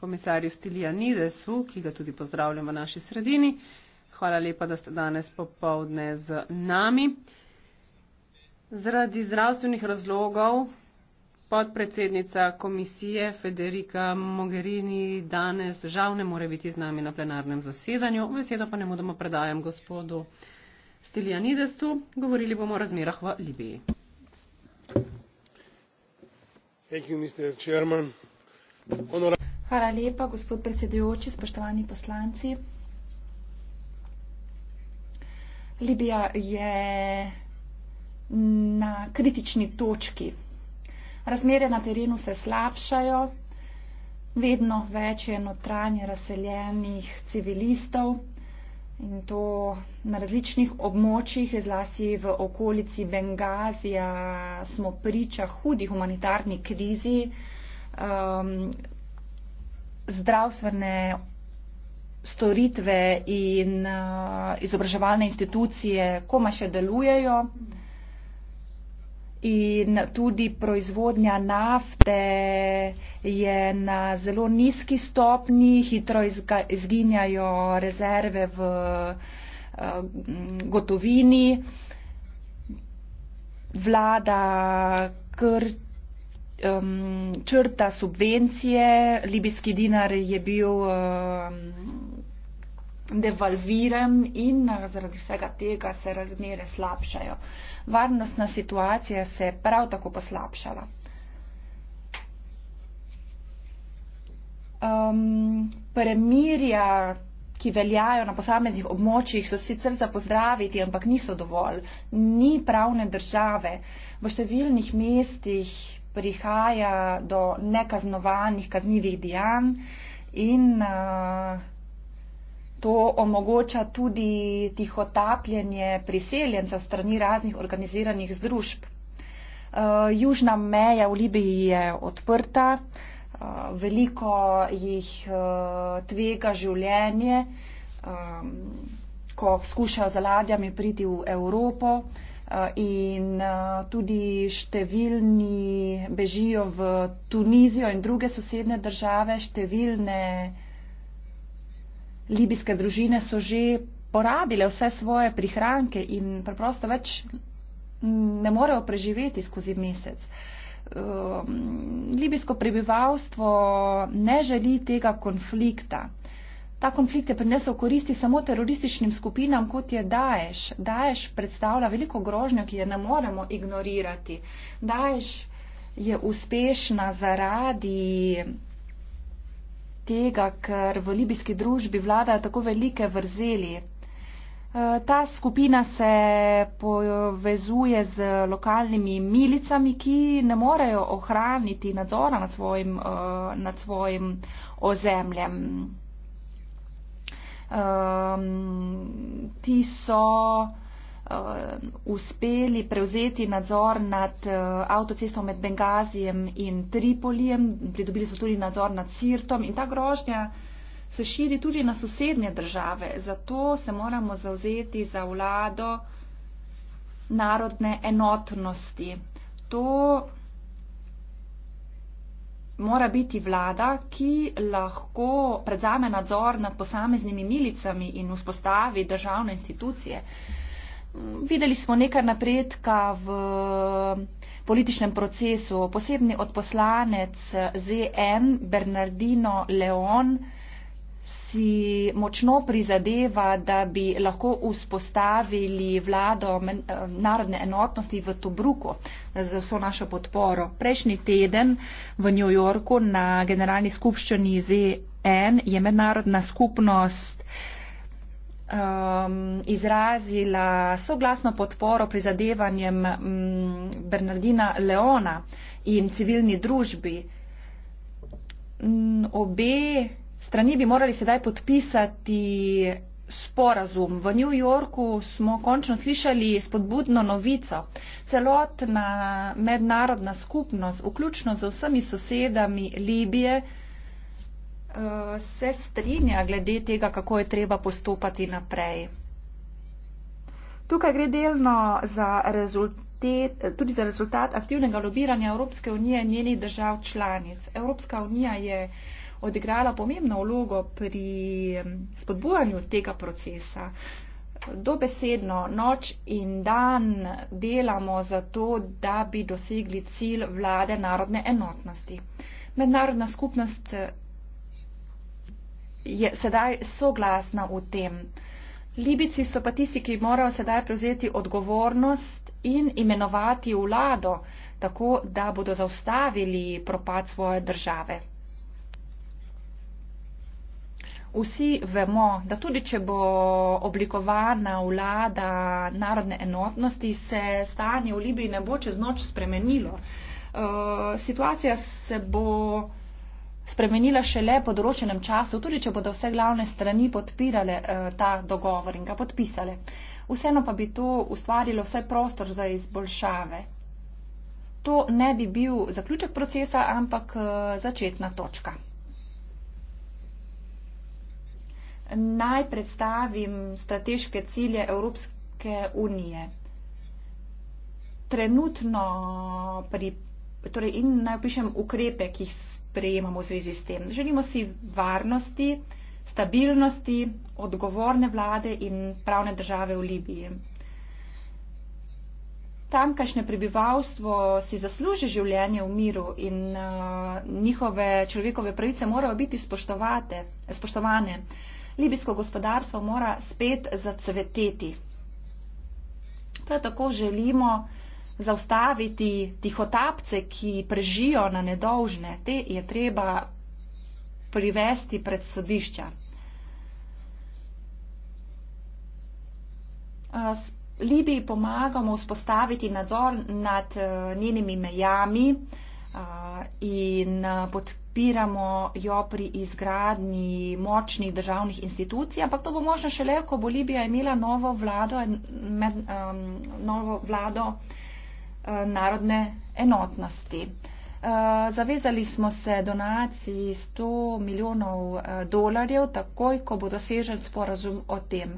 komisarju Stilianidesu, ki ga tudi pozdravljam v naši sredini. Hvala lepa, da ste danes popovdne z nami. Zaradi zdravstvenih razlogov podpredsednica komisije Federica Mogherini danes žal ne more biti z nami na plenarnem zasedanju. Besedo pa ne mudoma predajam gospodu Stilianidesu. Govorili bomo o razmerah v Libiji. Thank you, Mr. Chairman. Honorable Hvala lepa, gospod predsedujoči, spoštovani poslanci. Libija je na kritični točki. Razmere na terenu se slabšajo, vedno več je notranje razseljenih civilistov in to na različnih območjih, zlasti v okolici Bengazija smo priča hudi humanitarni krizi. Um, zdravstvene storitve in uh, izobraževalne institucije koma še delujejo in tudi proizvodnja nafte je na zelo nizki stopni, hitro izga, izginjajo rezerve v uh, gotovini, vlada krči um, črta subvencije, libijski dinar je bil um, devalviran in uh, zaradi vsega tega se razmere slabšajo. Varnostna situacija se je prav tako poslabšala. Um, premirja, ki veljajo na posameznih območjih, so sicer za pozdraviti, ampak niso dovolj. Ni pravne države. V številnih mestih prihaja do nekaznovanih kaznjivih dejanj in eh, to omogoča tudi tihotapljenje priseljencev strani raznih organiziranih združb. Eh, južna meja v Libiji je odprta, eh, veliko jih tvega življenje, ko skušajo z ladjami priti v Evropo. Eh, in eh, tudi številni bežijo v Tunizijo in druge sosedne države. Številne libijske družine so že porabile vse svoje prihranke in preprosto več ne morejo preživeti skozi mesec. Eh, libijsko prebivalstvo ne želi tega konflikta. Ta konflikt je prinesel koristi samo terorističnim skupinam, kot je Daesh. Daesh predstavlja veliko grožnjo, ki je ne moremo ignorirati. Daesh je uspešna zaradi tega, ker v libijski družbi vladajo tako velike vrzeli. E, ta skupina se povezuje z lokalnimi milicami, ki ne morejo ohraniti nadzora nad svojim, e, nad svojim ozemljem um, ti so ehm, uspeli prevzeti nadzor nad eh, avtocestom med Bengazijem in Tripolijem, pridobili so tudi nadzor nad Sirtom in ta grožnja se širi tudi na sosednje države. Zato se moramo zauzeti za vlado narodne enotnosti. To mora biti vlada, ki lahko predzame nadzor nad posameznimi milicami in vzpostavi državne institucije. Videli smo nekaj napredka v političnem procesu. Posebni odposlanec ZN Bernardino Leon si močno prizadeva, da bi lahko vzpostavili vlado eh, narodne enotnosti v Tobruku eh, z vso našo podporo. Prejšnji teden v New Yorku na generalni skupščini ZN je mednarodna skupnost um, izrazila soglasno podporo prizadevanjem um, Bernardina Leona in civilni družbi. Um, obe strani bi morali sedaj podpisati sporazum. V New Yorku smo končno slišali spodbudno novico. Celotna mednarodna skupnost, vključno z vsemi sosedami Libije, eh, se strinja glede tega, kako je treba postopati naprej. Tukaj gre delno za tudi za rezultat aktivnega lobiranja Evropske unije in njenih držav članic. Evropska unija je odigrala pomembno vlogo pri spodbujanju tega procesa. Dobesedno noč in dan delamo za to, da bi dosegli cilj vlade narodne enotnosti. Mednarodna skupnost je sedaj soglasna v tem. Libici so pa tisti, ki morajo sedaj prevzeti odgovornost in imenovati vlado, tako da bodo zaustavili propad svoje države vsi vemo, da tudi če bo oblikovana vlada narodne enotnosti, se stanje v Libiji ne bo čez noč spremenilo. E, situacija se bo spremenila šele po določenem času, tudi če bodo vse glavne strani podpirale e, ta dogovor in ga podpisale. Vseeno pa bi to ustvarilo vse prostor za izboljšave. To ne bi bil zaključek procesa, ampak eh, začetna točka. naj predstavim strateške cilje Evropske unije. Trenutno pri, torej in naj opišem ukrepe, ki jih sprejemamo v zvezi s tem. Želimo si varnosti, stabilnosti, odgovorne vlade in pravne države v Libiji. Tamkajšnje prebivalstvo si zasluži življenje v miru in uh, njihove človekove pravice morajo biti spoštovane. Uh, libijsko gospodarstvo mora spet zacveteti. Prav tako želimo zaustaviti tihotapce, ki prežijo na nedolžne. Te je treba privesti pred sodišča. Libiji pomagamo vzpostaviti nadzor nad eh, njenimi mejami in podpiramo jo pri izgradnji močnih državnih institucij, ampak to bo možno šele, ko bo Libija imela novo vlado, med, um, novo vlado um, narodne enotnosti. Zavezali smo se donaciji 100 milijonov dolarjev, takoj, ko bo dosežen sporazum o tem.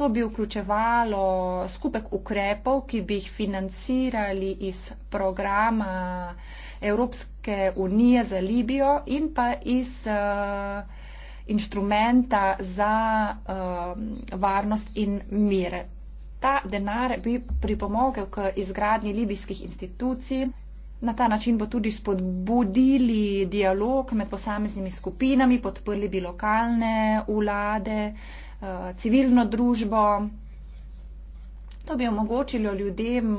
To bi vključevalo skupek ukrepov, ki bi jih financirali iz programa uh, Evropske unije za Libijo in pa iz eh, inštrumenta za eh, varnost in mire. Ta denar bi pripomogel k izgradnji libijskih institucij. Na ta način bo tudi spodbudili dialog med posameznimi skupinami, podprli bi lokalne vlade, eh, civilno družbo, To bi omogočilo ljudem,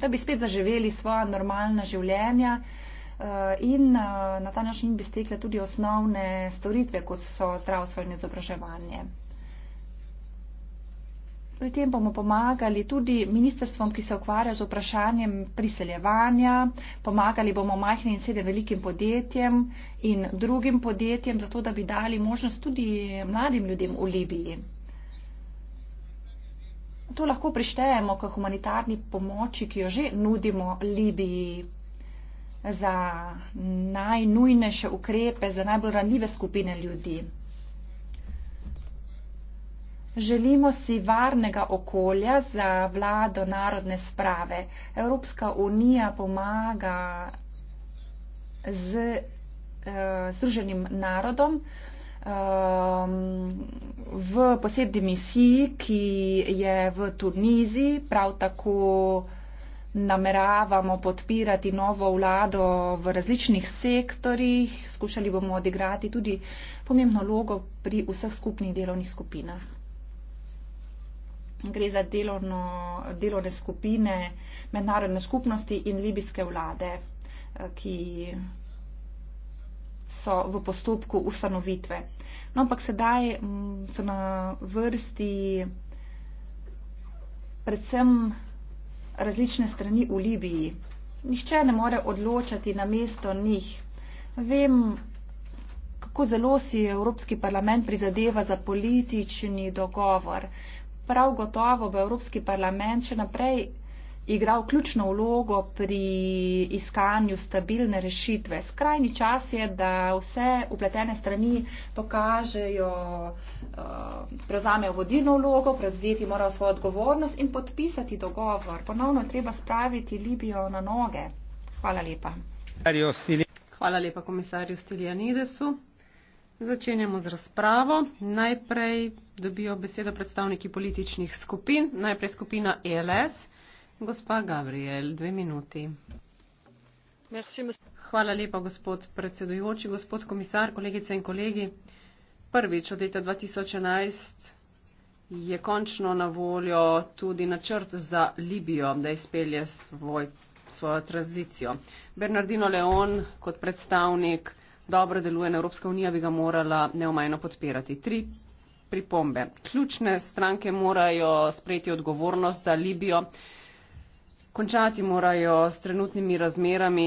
da bi spet zaživeli svoja normalna življenja eh, in eh, na ta način bi stekle tudi osnovne storitve, kot so zdravstvo in izobraževanje. Pri tem bomo pomagali tudi ministrstvom, ki se ukvarja z vprašanjem priseljevanja, pomagali bomo majhnim in sedem velikim podjetjem in drugim podjetjem, zato da bi dali možnost tudi mladim ljudem v Libiji to lahko prištejemo k humanitarni pomoči, ki jo že nudimo Libiji za najnujnejše ukrepe, za najbolj ranljive skupine ljudi. Želimo si varnega okolja za vlado narodne sprave. Evropska unija pomaga z eh, Združenim narodom, eh, um, v posebni misiji, ki je v Tuniziji, prav tako nameravamo podpirati novo vlado v različnih sektorjih, skušali bomo odigrati tudi pomembno logo pri vseh skupnih delovnih skupinah. Gre za delovno, delovne skupine mednarodne skupnosti in libijske vlade, eh, ki so v postopku ustanovitve. No, ampak sedaj mm, so na vrsti predvsem različne strani v Libiji. Nihče ne more odločati na mesto njih. Vem, kako zelo si Evropski parlament prizadeva za politični dogovor. Prav gotovo bo Evropski parlament še naprej igral ključno vlogo pri iskanju stabilne rešitve. Skrajni čas je, da vse upletene strani pokažejo, eh, prevzamejo vodilno vlogo, prevzeti morajo svojo odgovornost in podpisati dogovor. Ponovno je treba spraviti Libijo na noge. Hvala lepa. Hvala lepa komisarju Stiljanidesu. Začenjamo z razpravo. Najprej dobijo besedo predstavniki političnih skupin, najprej skupina ELS. Hvala lepa, gospod predsedujoči, gospod komisar, kolegice in kolegi. Prvič od leta 2011 je končno na voljo tudi načrt za Libijo, da izpelje svoj, svojo tranzicijo. Bernardino Leon kot predstavnik dobro deluje na Evropska unija, bi ga morala neomajno podpirati. Tri pripombe. Ključne stranke morajo sprejeti odgovornost za Libijo. Končati morajo s trenutnimi razmerami,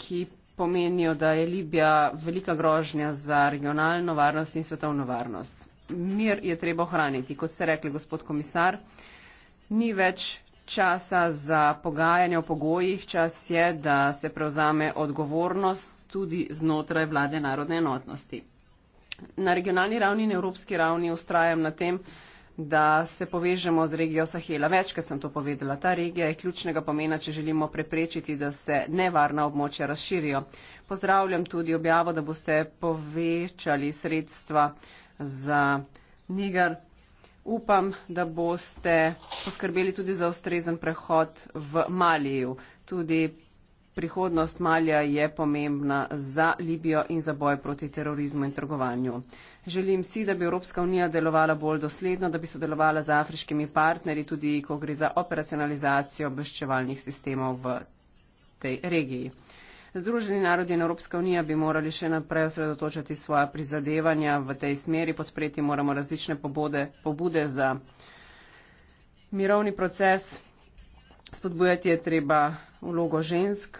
ki pomenijo, da je Libija velika grožnja za regionalno varnost in svetovno varnost. Mir je treba ohraniti, kot ste rekli, gospod komisar. Ni več časa za pogajanje o pogojih, čas je, da se prevzame odgovornost tudi znotraj vlade narodne enotnosti. Na regionalni ravni in evropski ravni ustrajam na tem, da se povežemo z regijo Sahela. Večkrat sem to povedala. Ta regija je ključnega pomena, če želimo preprečiti, da se nevarna območja razširijo. Pozdravljam tudi objavo, da boste povečali sredstva za Niger. Upam, da boste poskrbeli tudi za ustrezen prehod v Maliju. Tudi Prihodnost Malja je pomembna za Libijo in za boj proti terorizmu in trgovanju. Želim si, da bi Evropska unija delovala bolj dosledno, da bi sodelovala z afriškimi partnerji, tudi ko gre za operacionalizacijo obveščevalnih sistemov v tej regiji. Združeni narodi in Evropska unija bi morali še naprej osredotočati svoja prizadevanja v tej smeri, podpreti moramo različne pobude, pobude za mirovni proces spodbujati je treba vlogo žensk.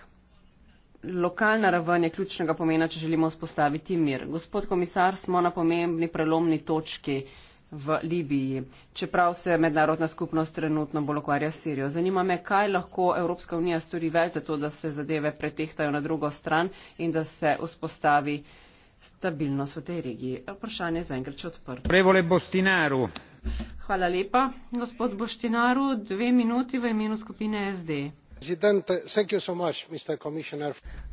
Lokalna raven je ključnega pomena, če želimo vzpostaviti mir. Gospod komisar, smo na pomembni prelomni točki v Libiji, čeprav se mednarodna skupnost trenutno bolj okvarja s Sirijo. Zanima me, kaj lahko Evropska unija stori več za to, da se zadeve pretehtajo na drugo stran in da se vzpostavi stabilnost v tej regiji. Vprašanje za enkrat, če odprto. Hvala lepa. Gospod Boštinaru, dve minuti v imenu skupine SD.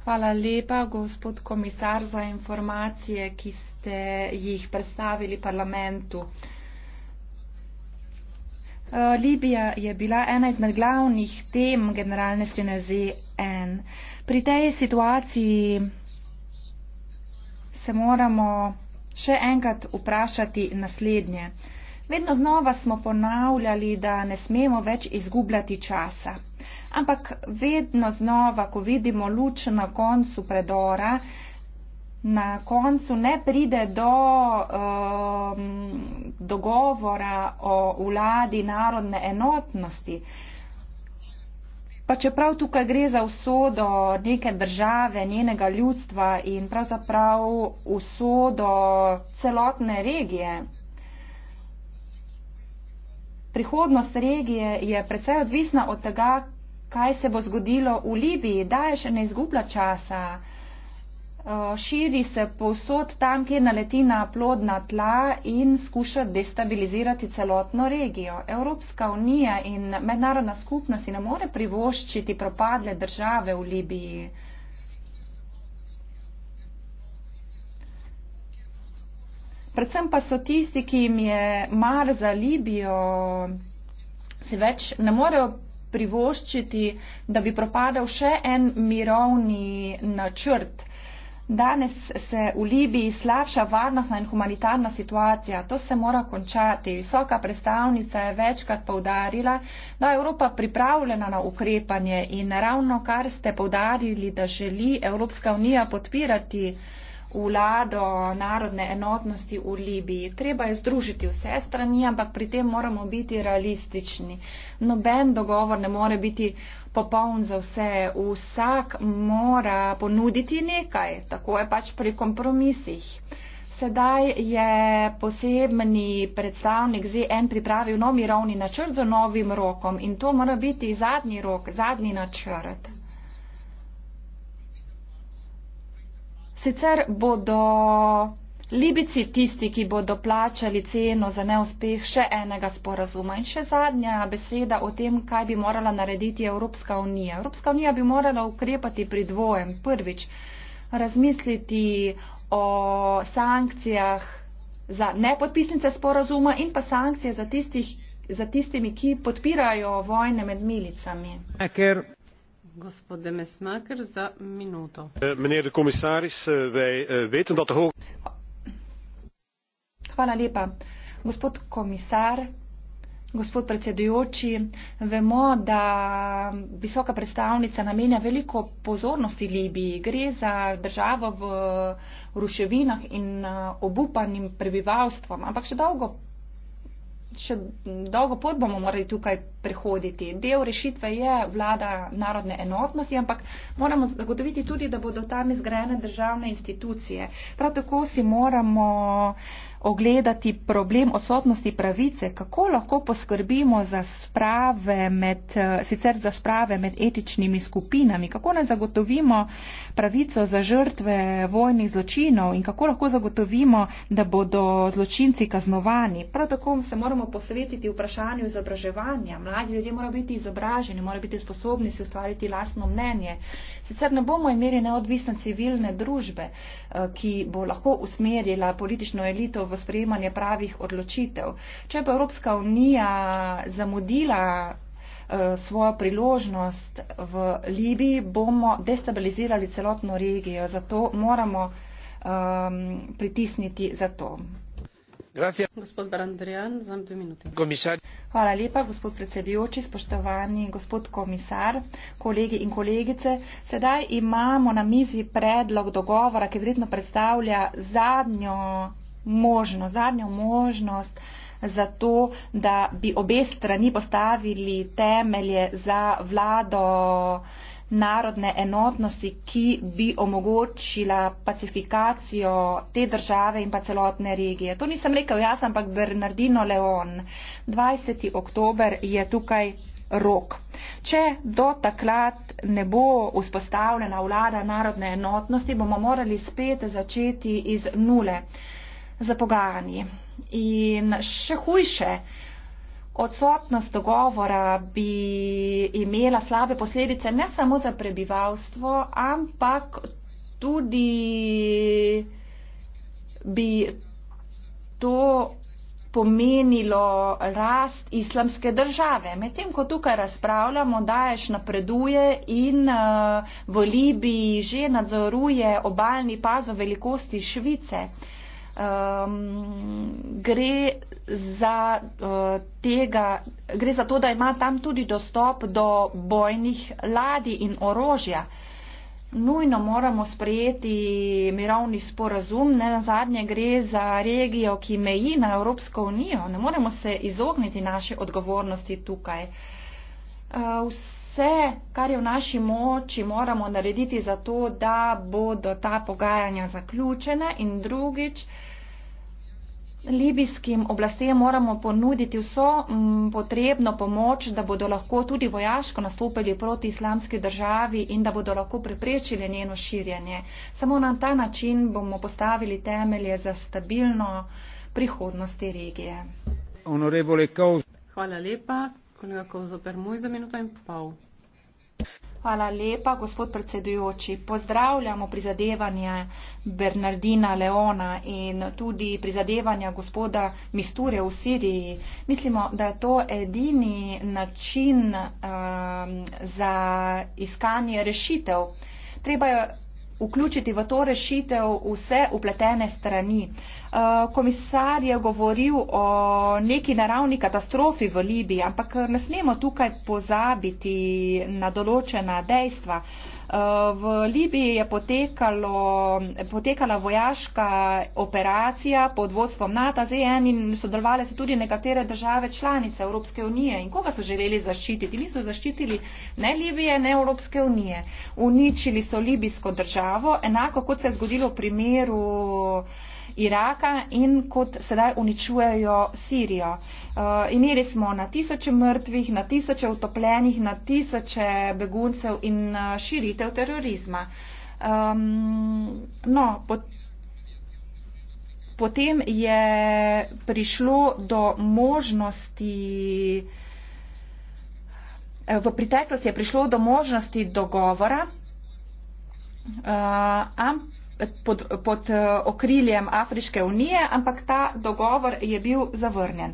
Hvala lepa, gospod komisar, za informacije, ki ste jih predstavili parlamentu. Eh, Libija je bila ena izmed glavnih tem generalne skrine ZN. Pri tej situaciji se moramo še enkrat vprašati naslednje. Vedno znova smo ponavljali, da ne smemo več izgubljati časa. Ampak vedno znova, ko vidimo luč na koncu predora, na koncu ne pride do um, dogovora o vladi narodne enotnosti. Pa čeprav tukaj gre za usodo neke države, njenega ljudstva in pravzaprav usodo celotne regije prihodnost regije je precej odvisna od tega, kaj se bo zgodilo v Libiji. Daje še ne izgublja časa, eh, širi se povsod tam, kjer naleti na plodna tla in skuša destabilizirati celotno regijo. Evropska unija in mednarodna skupnost si ne more privoščiti propadle države v Libiji. Predvsem pa so tisti, ki jim je mar za Libijo, se več ne morejo privoščiti, da bi propadal še en mirovni načrt. Danes se v Libiji slabša varnostna in humanitarna situacija. To se mora končati. Visoka predstavnica je večkrat povdarila, da je Evropa pripravljena na ukrepanje in ravno kar ste povdarili, da želi Evropska unija podpirati vlado narodne enotnosti v Libiji. Treba je združiti vse strani, ampak pri tem moramo biti realistični. Noben dogovor ne more biti popoln za vse. Vsak mora ponuditi nekaj, tako je pač pri kompromisih. Sedaj je posebni predstavnik ZN pripravil nov mirovni načrt za novim rokom in to mora biti zadnji rok, zadnji načrt. Sicer bodo Libici tisti, ki bodo plačali ceno za neuspeh še enega sporazuma. In še zadnja beseda o tem, kaj bi morala narediti Evropska unija. Evropska unija bi morala ukrepati pri dvojem. Prvič, razmisliti o sankcijah za nepodpisnice sporazuma in pa sankcije za, tistih, za tistimi, ki podpirajo vojne med milicami. Eker. Mijnheer eh, de commissaris, eh, wij eh, weten dat de hoog. Hvala lepa. Gospod komisar, gospod predsedujoči, vemo, da visoka predstavnica namenja veliko pozornosti Libiji. Gre za državo v ruševinah in obupanim prebivalstvom, ampak še dolgo še dolgo pot bomo morali tukaj prehoditi. Del rešitve je vlada narodne enotnosti, ampak moramo zagotoviti tudi, da bodo tam izgrajene državne institucije. Prav tako si moramo uh, ogledati problem odsotnosti pravice, kako lahko poskrbimo za sprave med, eh, sicer za sprave med etičnimi skupinami, kako naj zagotovimo pravico za žrtve vojnih zločinov in kako lahko zagotovimo, da bodo zločinci kaznovani. Prav tako se moramo posvetiti vprašanju izobraževanja. Mladi ljudje morajo biti izobraženi, morajo biti sposobni si ustvariti lastno mnenje. Sicer ne bomo imeli neodvisne civilne družbe, eh, ki bo lahko usmerila politično elito v sprejemanje pravih odločitev. Če bi Evropska unija zamudila eh, svojo priložnost v Libiji, bomo destabilizirali celotno regijo. Zato moramo um, pritisniti za to. Hvala lepa, gospod predsedujoči, spoštovani gospod komisar, kolegi in kolegice. Sedaj imamo na mizi predlog dogovora, ki vredno predstavlja zadnjo možnost, zadnjo možnost za to, da bi obe strani postavili temelje za vlado narodne enotnosti, ki bi omogočila pacifikacijo te države in pa celotne regije. To nisem rekel jaz, ampak Bernardino Leon. 20. oktober je tukaj rok. Če do takrat ne bo vzpostavljena vlada narodne enotnosti, bomo morali spet začeti iz nule za pogajanji. In še hujše, odsotnost dogovora bi imela slabe posledice ne samo za prebivalstvo, ampak tudi bi to pomenilo rast islamske države. Medtem, ko tukaj razpravljamo, Daješ napreduje in uh, v Libiji že nadzoruje obaljni pas v velikosti Švice. Uh, um, gre, za, uh, tega, gre za to, da ima tam tudi dostop do bojnih ladi in orožja. Nujno moramo sprejeti mirovni sporazum, ne na zadnje gre za regijo, ki meji na Evropsko unijo. Ne moremo se izogniti naše odgovornosti tukaj. Uh, vse, kar je v naši moči, moramo narediti za to, da bodo ta pogajanja zaključena in drugič, libijskim oblastem moramo ponuditi vso m, potrebno pomoč, da bodo lahko tudi vojaško nastopili proti islamski državi in da bodo lahko preprečili njeno širjanje. Samo na ta način bomo postavili temelje za stabilno prihodnost te regije. Hvala lepa. Kolega Kovzo Permuj za minuto in pol. Hvala lepa, gospod predsedujoči. Pozdravljamo prizadevanje Bernardina Leona in tudi prizadevanja gospoda Misture v Siriji. Mislimo, da je to edini način um, za iskanje rešitev. Treba je vključiti v to rešitev vse upletene strani. Uh, Eh, komisar je govoril o neki naravni katastrofi v Libiji, ampak eh, ne smemo tukaj pozabiti na določena dejstva. Eh, v Libiji je potekalo, potekala vojaška operacija pod vodstvom NATO, ZN in sodelovali so tudi nekatere države članice Evropske unije. In koga so želeli zaščititi? Niso zaščitili ne Libije, ne Evropske unije. Uničili so libijsko državo, enako kot se je zgodilo v primeru uh, Iraka in kot sedaj uničujejo Sirijo. Uh, imeli smo na tisoče mrtvih, na tisoče utopljenih, na tisoče beguncev in uh, širitev terorizma. Um, no, potem je prišlo do možnosti eh, V preteklosti je prišlo do možnosti dogovora, uh, ampak pod, pod eh, okriljem Afriške unije, ampak ta dogovor je bil zavrnjen.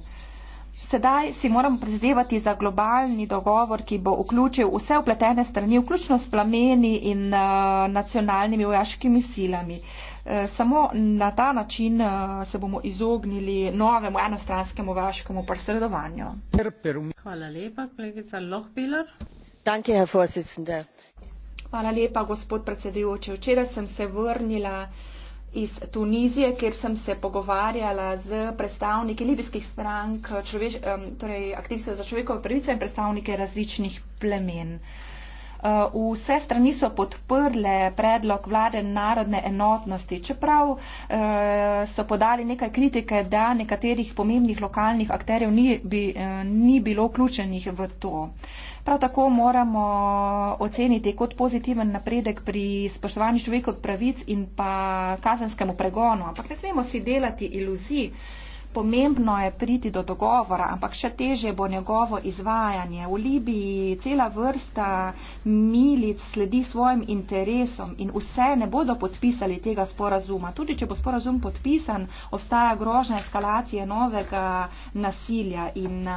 Sedaj si moramo prizadevati za globalni dogovor, ki bo vključil vse upletene strani, vključno s plameni in uh, nacionalnimi vojaškimi silami. Uh, samo na ta način uh, se bomo izognili novemu enostranskemu vojaškemu posredovanju. Hvala lepa, kolegica Lohbiler. Danke, Herr Vorsitzende. Hvala lepa, gospod predsedujoči. Včeraj sem se vrnila iz Tunizije, kjer sem se pogovarjala z predstavniki libijskih strank, človeš, torej aktivistov za človekove pravice in predstavnike različnih plemen. Uh, Eh, vse strani so podprle predlog vlade narodne enotnosti, čeprav eh, so podali nekaj kritike, da nekaterih pomembnih lokalnih akterjev ni, bi, eh, ni bilo vključenih v to. Prav tako moramo oceniti kot pozitiven napredek pri spoštovanju človekov pravic in pa kazenskemu pregonu. Ampak ne smemo si delati iluzij, Pomembno je priti do dogovora, ampak še teže bo njegovo izvajanje. V Libiji cela vrsta milic sledi svojim interesom in vse ne bodo podpisali tega sporazuma. Tudi, če bo sporazum podpisan, obstaja grožna eskalacije novega nasilja in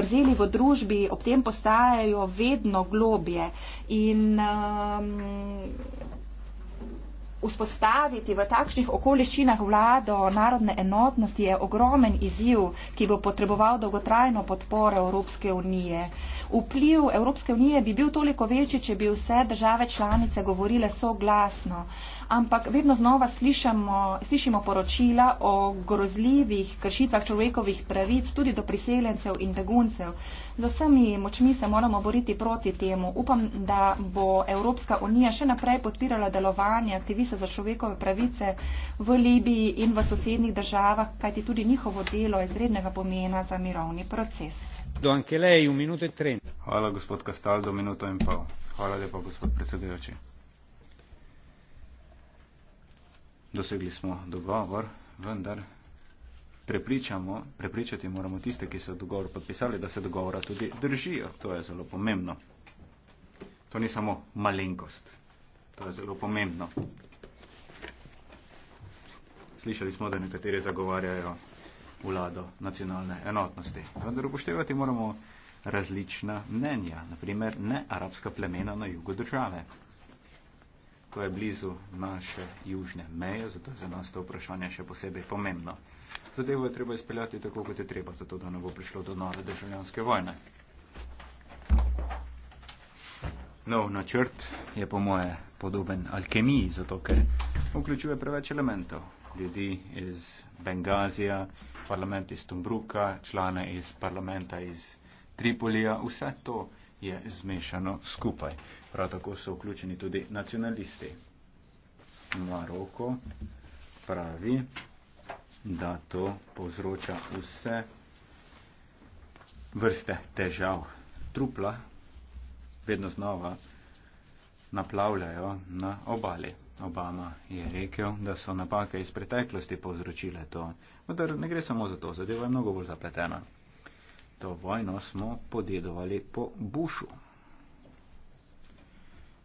vrzeli v družbi ob tem postajajo vedno globje. In, um, Vzpostaviti v takšnih okoliščinah vlado narodne enotnosti je ogromen izziv, ki bo potreboval dolgotrajno podporo Evropske unije. Vpliv Evropske unije bi bil toliko večji, če bi vse države članice govorile soglasno ampak vedno znova slišamo, slišimo poročila o grozljivih kršitvah človekovih pravic tudi do priseljencev in beguncev. Z vsemi močmi se moramo boriti proti temu. Upam, da bo Evropska unija še naprej podpirala delovanje aktivista za človekove pravice v Libiji in v sosednjih državah, kajti tudi njihovo delo je izrednega pomena za mirovni proces. Hvala, gospod Kastaldo, minuto in pol. Hvala lepa, gospod predsedujoči. dosegli smo dogovor, vendar prepričamo, prepričati moramo tiste, ki so dogovor podpisali, da se dogovora tudi držijo. To je zelo pomembno. To ni samo malenkost. To je zelo pomembno. Slišali smo, da nekateri zagovarjajo vlado nacionalne enotnosti. Vendar upoštevati moramo različna mnenja, naprimer ne arabska plemena na jugu države ko je blizu naše južne meje, zato je za nas to vprašanje še posebej pomembno. Zadevo je treba izpeljati tako, kot je treba, zato da ne bo prišlo do nove državljanske vojne. Nov načrt je po moje podoben alkemiji, zato ker vključuje preveč elementov. Ljudi iz Bengazija, parlament iz Tumbruka, člane iz parlamenta iz Tripolija, vse to je zmešano skupaj. Prav tako so vključeni tudi nacionalisti. Maroko pravi, da to povzroča vse vrste težav. Trupla vedno znova naplavljajo na obali. Obama je rekel, da so napake iz preteklosti povzročile to. Vendar ne gre samo za to, zadeva je mnogo bolj zapletena. To vojno smo podedovali po Bušu.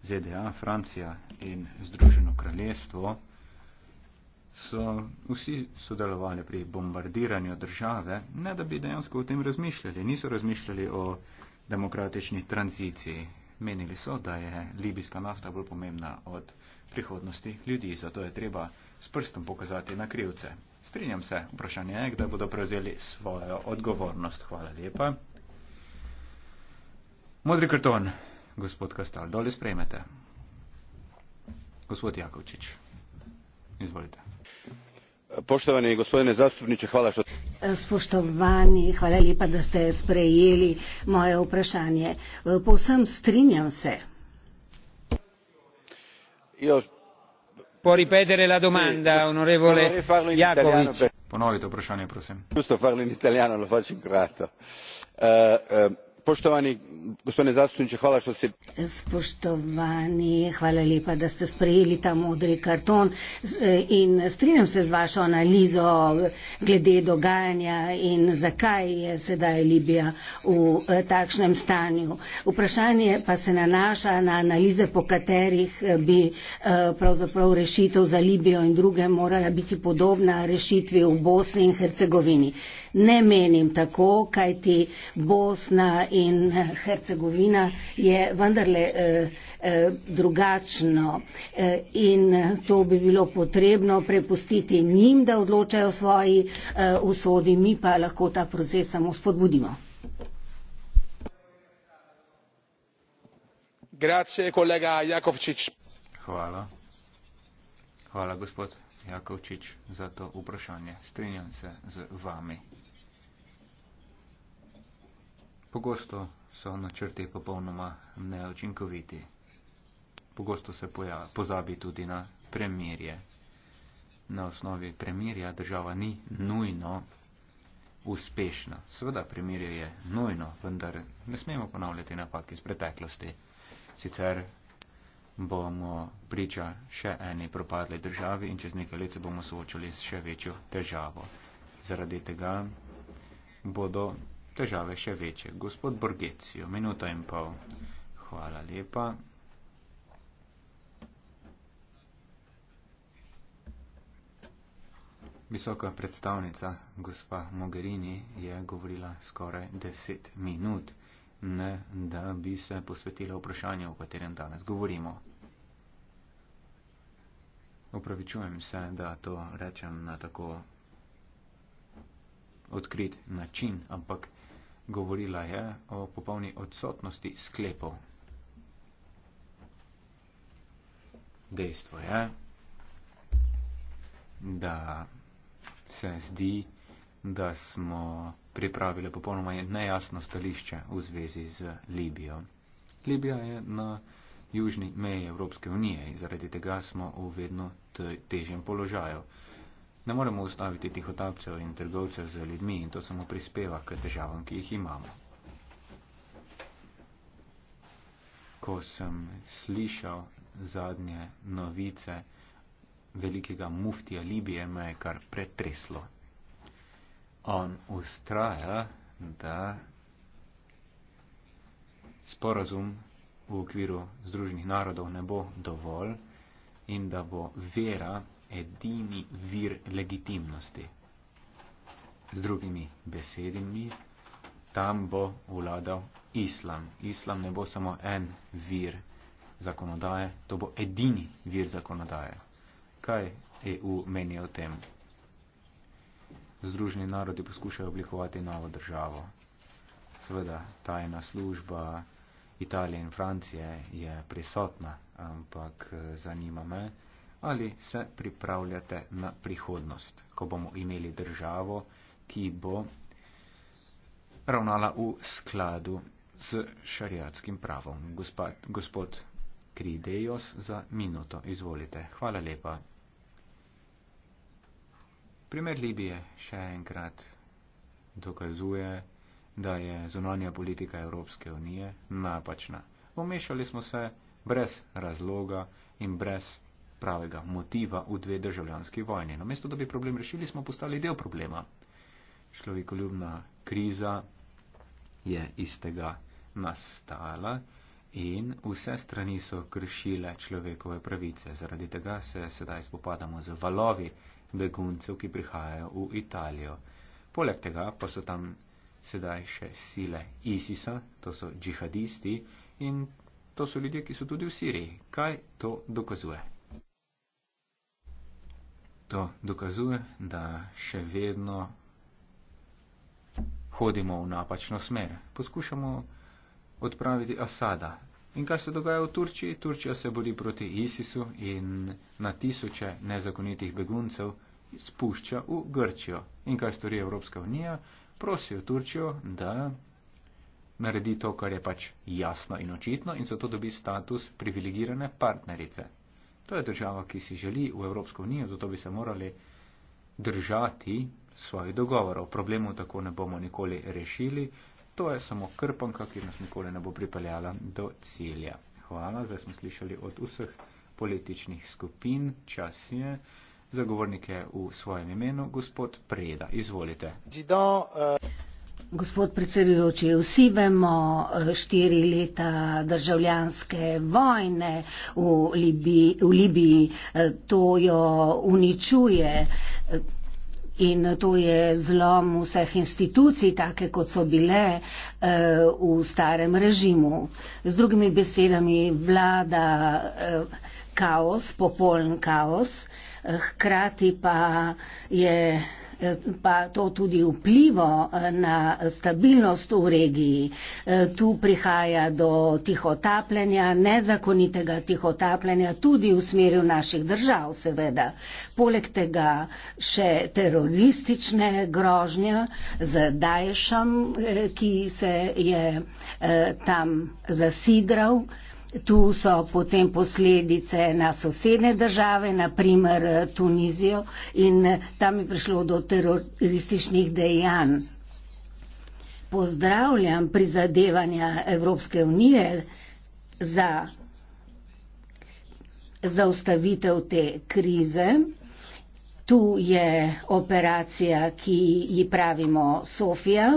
ZDA, Francija in Združeno kraljestvo so vsi sodelovali pri bombardiranju države, ne da bi dejansko o tem razmišljali. Niso razmišljali o demokratični tranziciji. Menili so, da je libijska nafta bolj pomembna od prihodnosti ljudi, zato je treba s prstom pokazati na krivce. Strinjam se, vprašanje je, kdaj bodo prevzeli svojo odgovornost. Hvala lepa. Modri karton, gospod Kastal, dolje sprejmete. Gospod Jakovčič, izvolite. Poštovani gospodine zastupniče, hvala što. Spoštovani, hvala lepa, da ste sprejeli moje vprašanje. Povsem strinjam se. Jo, ja, Può ripetere la domanda, sì, onorevole Jakovic. Ponovite vprašanje, prosim. Giusto farlo in italiano, lo faccio in croato. Uh, uh, Poštovani gospodine zastupniče, hvala što ste... Spoštovani, hvala lepa, da ste sprejeli ta modri karton e, in strinjam se z vašo analizo glede dogajanja in zakaj je sedaj Libija v e, takšnem stanju. Vprašanje pa se nanaša na analize, po katerih e, bi pravzaprav rešitev za Libijo in druge morala biti podobna rešitvi v Bosni in Hercegovini ne menim tako, kajti Bosna in Hercegovina je vendarle eh, eh, drugačno eh, in to bi bilo potrebno prepustiti njim, da odločajo o svoji usodi, mi pa lahko ta proces samo spodbudimo. Grazie, kolega Jakovčič. Hvala. Hvala, gospod Jakovčič za to vprašanje. Strinjam se z vami. Pogosto so načrti popolnoma neočinkoviti. Pogosto se pojavi, pozabi tudi na premirje. Na osnovi premirja država ni nujno uspešna. Seveda premirje je nujno, vendar ne smemo ponavljati napak iz preteklosti. Sicer bomo priča še eni propadli državi in čez nekaj let se bomo soočali s še večjo težavo. Zaradi tega bodo težave še večje. Gospod Borgecijo, minuto in pol. Hvala lepa. Visoka predstavnica gospa Mogherini je govorila skoraj deset minut, ne da bi se posvetila vprašanju, o katerem danes govorimo. Upravičujem se, da to rečem na tako odkrit način, ampak govorila je o popolni odsotnosti sklepov. Dejstvo je, da se zdi, da smo pripravili popolnoma nejasno stališče v zvezi z Libijo. Libija je na južni meji Evropske unije in zaradi tega smo v vedno težjem položaju. Ne moremo ustaviti tihotapcev in trgovcev z ljudmi in to samo prispeva k težavam, ki jih imamo. Ko sem slišal zadnje novice velikega muftija Libije, me je kar pretreslo. On ustraja, da sporazum v okviru Združenih narodov ne bo dovolj in da bo vera edini vir legitimnosti. Z drugimi besedami, tam bo vladal islam. Islam ne bo samo en vir zakonodaje, to bo edini vir zakonodaje. Kaj EU meni o tem? Združeni narodi poskušajo oblikovati novo državo. Seveda, tajna služba, Italije in Francije je prisotna, ampak zanima me, ali se pripravljate na prihodnost, ko bomo imeli državo, ki bo ravnala v skladu z šariatskim pravom. Gospod, gospod Krideos, za minuto izvolite. Hvala lepa. Primer Libije še enkrat dokazuje, da je zunanja politika Evropske unije napačna. Omešali smo se brez razloga in brez pravega motiva v dve državljanski vojni. Namesto, da bi problem rešili, smo postali del problema. Človekoljubna kriza je iz tega nastala in vse strani so kršile človekove pravice. Zaradi tega se sedaj spopadamo z valovi beguncev, ki prihajajo v Italijo. Poleg tega pa so tam sedaj še sile ISIS-a, to so džihadisti in to so ljudje, ki so tudi v Siriji. Kaj to dokazuje? To dokazuje, da še vedno hodimo v napačno smer. Poskušamo odpraviti Asada. In kaj se dogaja v Turčiji? Turčija se bori proti ISIS-u in na tisoče nezakonitih beguncev spušča v Grčijo. In kaj stori Evropska unija? prosijo Turčijo, da naredi to, kar je pač jasno in očitno in zato dobi status privilegirane partnerice. To je država, ki si želi v Evropsko unijo, zato bi se morali držati svojih dogovorov. Problemov tako ne bomo nikoli rešili. To je samo krpanka, ki nas nikoli ne bo pripeljala do cilja. Hvala, zdaj smo slišali od vseh političnih skupin. Čas je. Zagovornik je v svojem imenu gospod Preda. Izvolite. Zidon, uh... Gospod predsedujoči, vsi vemo eh, štiri leta državljanske vojne v Libiji, v Libiji eh, to jo uničuje. Eh, in to je zlom vseh institucij, take kot so bile v starem režimu. Z drugimi besedami vlada kaos, popoln kaos hkrati pa je pa to tudi vplivo eh, na stabilnost v regiji. Eh, tu prihaja do tihotapljanja, nezakonitega tihotapljanja, tudi v smeri naših držav, seveda. Poleg tega še teroristične grožnje z Daješom, eh, ki se je tam zasidral. Tu so potem posledice na sosedne države, naprimer eh, Tunizijo in eh, tam je prišlo do terorističnih dejanj. Pozdravljam prizadevanja Evropske unije za zaustavitev te krize. Tu je operacija, ki ji pravimo Sofija,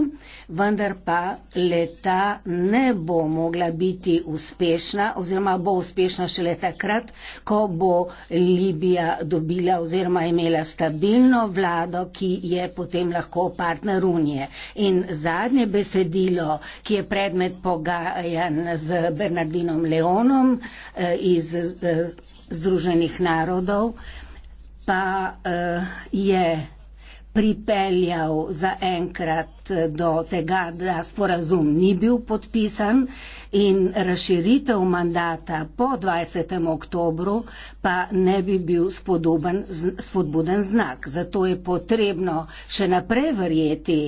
vendar pa leta ne bo mogla biti uspešna oziroma bo uspešna šele takrat, ko bo Libija dobila oziroma imela stabilno vlado, ki je potem lahko partner Unije. In zadnje besedilo, ki je predmet pogajan z Bernardinom Leonom eh, iz eh, Združenih narodov, pa uh, je pripeljal zaenkrat eh, do tega, da sporazum ni bil podpisan in razširitev mandata po 20. oktobru pa ne bi bil spodoben, spodbuden znak. Zato je potrebno še naprej verjeti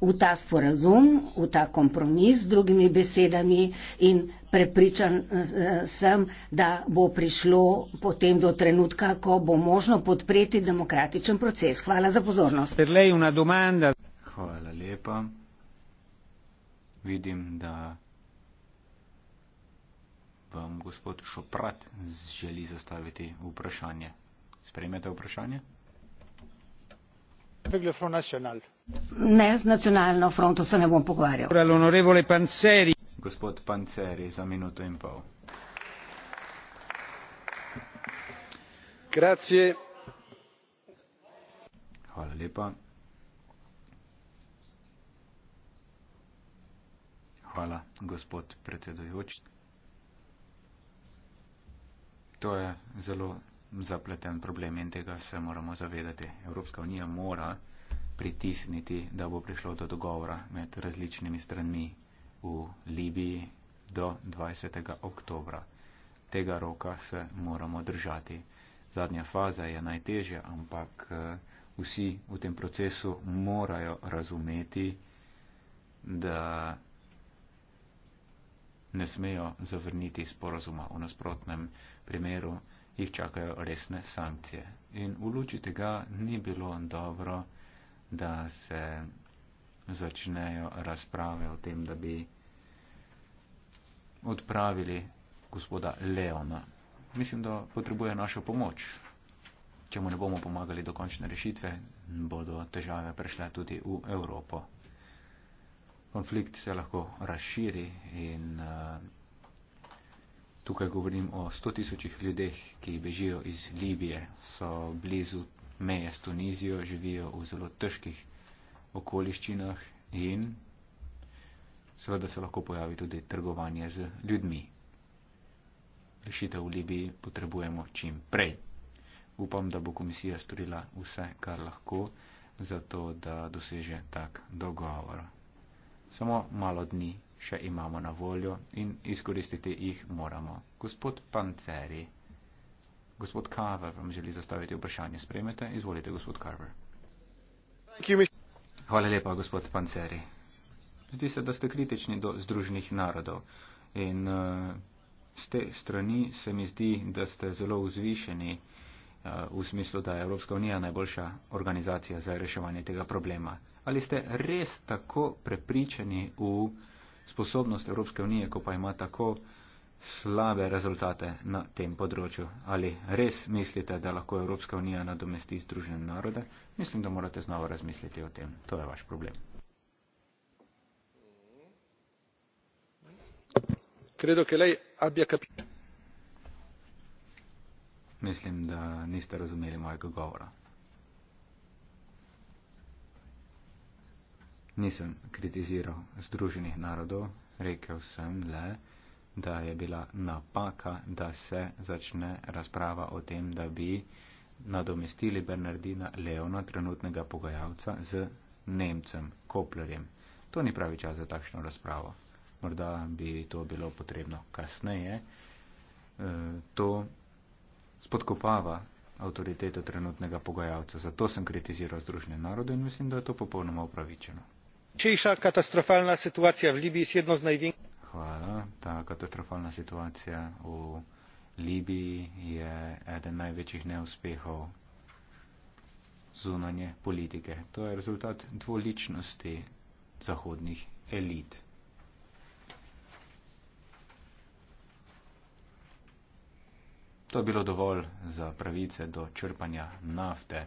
v ta sporazum, v ta kompromis z drugimi besedami in prepričan eh, sem, da bo prišlo potem do trenutka, ko bo možno podpreti demokratičen proces. Hvala za pozornost. Hvala lepa. Vidim, da vam gospod Šoprat želi zastaviti vprašanje. Spremete vprašanje? Ne, z nacionalno fronto se ne bom pogovarjal gospod Panceri za minuto in pol. Grazie. Hvala lepa. Hvala, gospod predsedujoč. To je zelo zapleten problem in tega se moramo zavedati. Evropska unija mora pritisniti, da bo prišlo do dogovora med različnimi stranmi v Libiji do 20. oktobra. Tega roka se moramo držati. Zadnja faza je najtežja, ampak eh, vsi v tem procesu morajo razumeti, da ne smejo zavrniti sporozuma. V nasprotnem primeru jih čakajo resne sankcije. In v luči tega ni bilo dobro, da se začnejo razprave o tem, da bi odpravili gospoda Leona. Mislim, da potrebuje našo pomoč. Če mu ne bomo pomagali do končne rešitve, bodo težave prešle tudi v Evropo. Konflikt se lahko razširi in uh, tukaj govorim o 100 tisočih ljudeh, ki bežijo iz Libije, so blizu meje s Tunizijo, živijo v zelo težkih okoliščinah in seveda se lahko pojavi tudi trgovanje z ljudmi. Rešitev v Libiji potrebujemo čim prej. Upam, da bo komisija storila vse, kar lahko, zato da doseže tak dogovor. Samo malo dni še imamo na voljo in izkoristiti jih moramo. Gospod Panceri. Gospod Carver vam želi zastaviti vprašanje. Spremete? Izvolite, gospod Carver. Thank you, Hvala lepa, gospod Panceri. Zdi se, da ste kritični do združenih narodov in uh, eh, z te strani se mi zdi, da ste zelo vzvišeni uh, v smislu, da je Evropska unija najboljša organizacija za reševanje tega problema. Ali ste res tako prepričani v sposobnost Evropske unije, ko pa ima tako uh, slabe rezultate na tem področju. Ali res mislite, da lahko Evropska unija nadomesti združene narode? Mislim, da morate znova razmisliti o tem. To je vaš problem. Credo che lei abbia capito. Mislim, da niste razumeli mojega govora. Nisem kritiziral Združenih narodov, rekel sem le, da je bila napaka, da se začne razprava o tem, da bi nadomestili Bernardina Leona, trenutnega pogajalca, z Nemcem Koplerjem. To ni pravi čas za takšno razpravo. Morda bi to bilo potrebno kasneje. E, to spodkopava avtoriteto trenutnega pogajalca. Zato sem kritiziral Združene narode in mislim, da je to popolnoma upravičeno. Čejša katastrofalna situacija v Libiji je jedno z največjih. Hvala. Ta katastrofalna situacija v Libiji je eden največjih neuspehov zunanje politike. To je rezultat dvoličnosti zahodnih elit. To je bilo dovolj za pravice do črpanja nafte.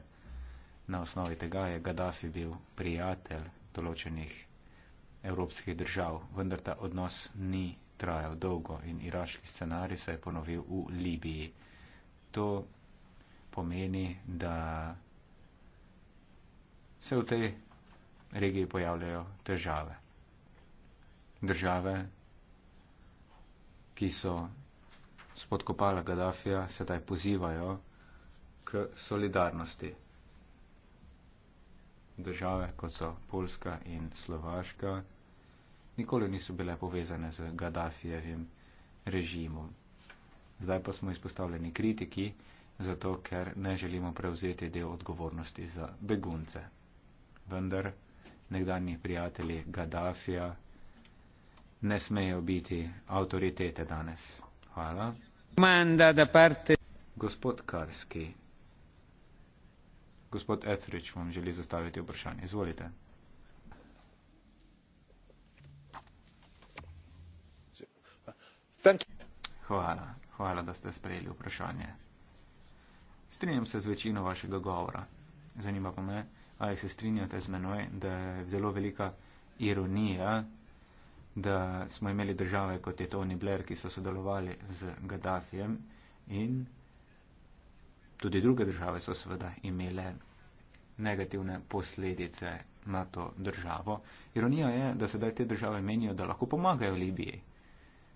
Na osnovi tega je Gaddafi bil prijatelj določenih evropskih držav, vendar ta odnos ni trajal dolgo in iraški scenarij se je ponovil v Libiji. To pomeni, da se v tej regiji pojavljajo težave. Države, ki so spodkopala Gaddafija, sedaj pozivajo k solidarnosti države, kot so Polska in Slovaška, nikoli niso bile povezane z Gaddafijevim režimom. Zdaj pa smo izpostavljeni kritiki, zato ker ne želimo prevzeti del odgovornosti za begunce. Vendar nekdani prijatelji Gaddafija ne smejo biti avtoritete danes. Hvala. Gospod Karski, Gospod Etherich vam želi zastaviti vprašanje. Izvolite. Hvala. Hvala, da ste sprejeli vprašanje. Strinjam se z večino vašega govora. Zanima pa me, ali se strinjate z menoj, da je zelo velika ironija, da smo imeli države kot je Tony Blair, ki so sodelovali z Gaddafijem in tudi druge države so seveda imele negativne posledice na to državo. Ironija je, da sedaj te države menijo, da lahko pomagajo Libiji.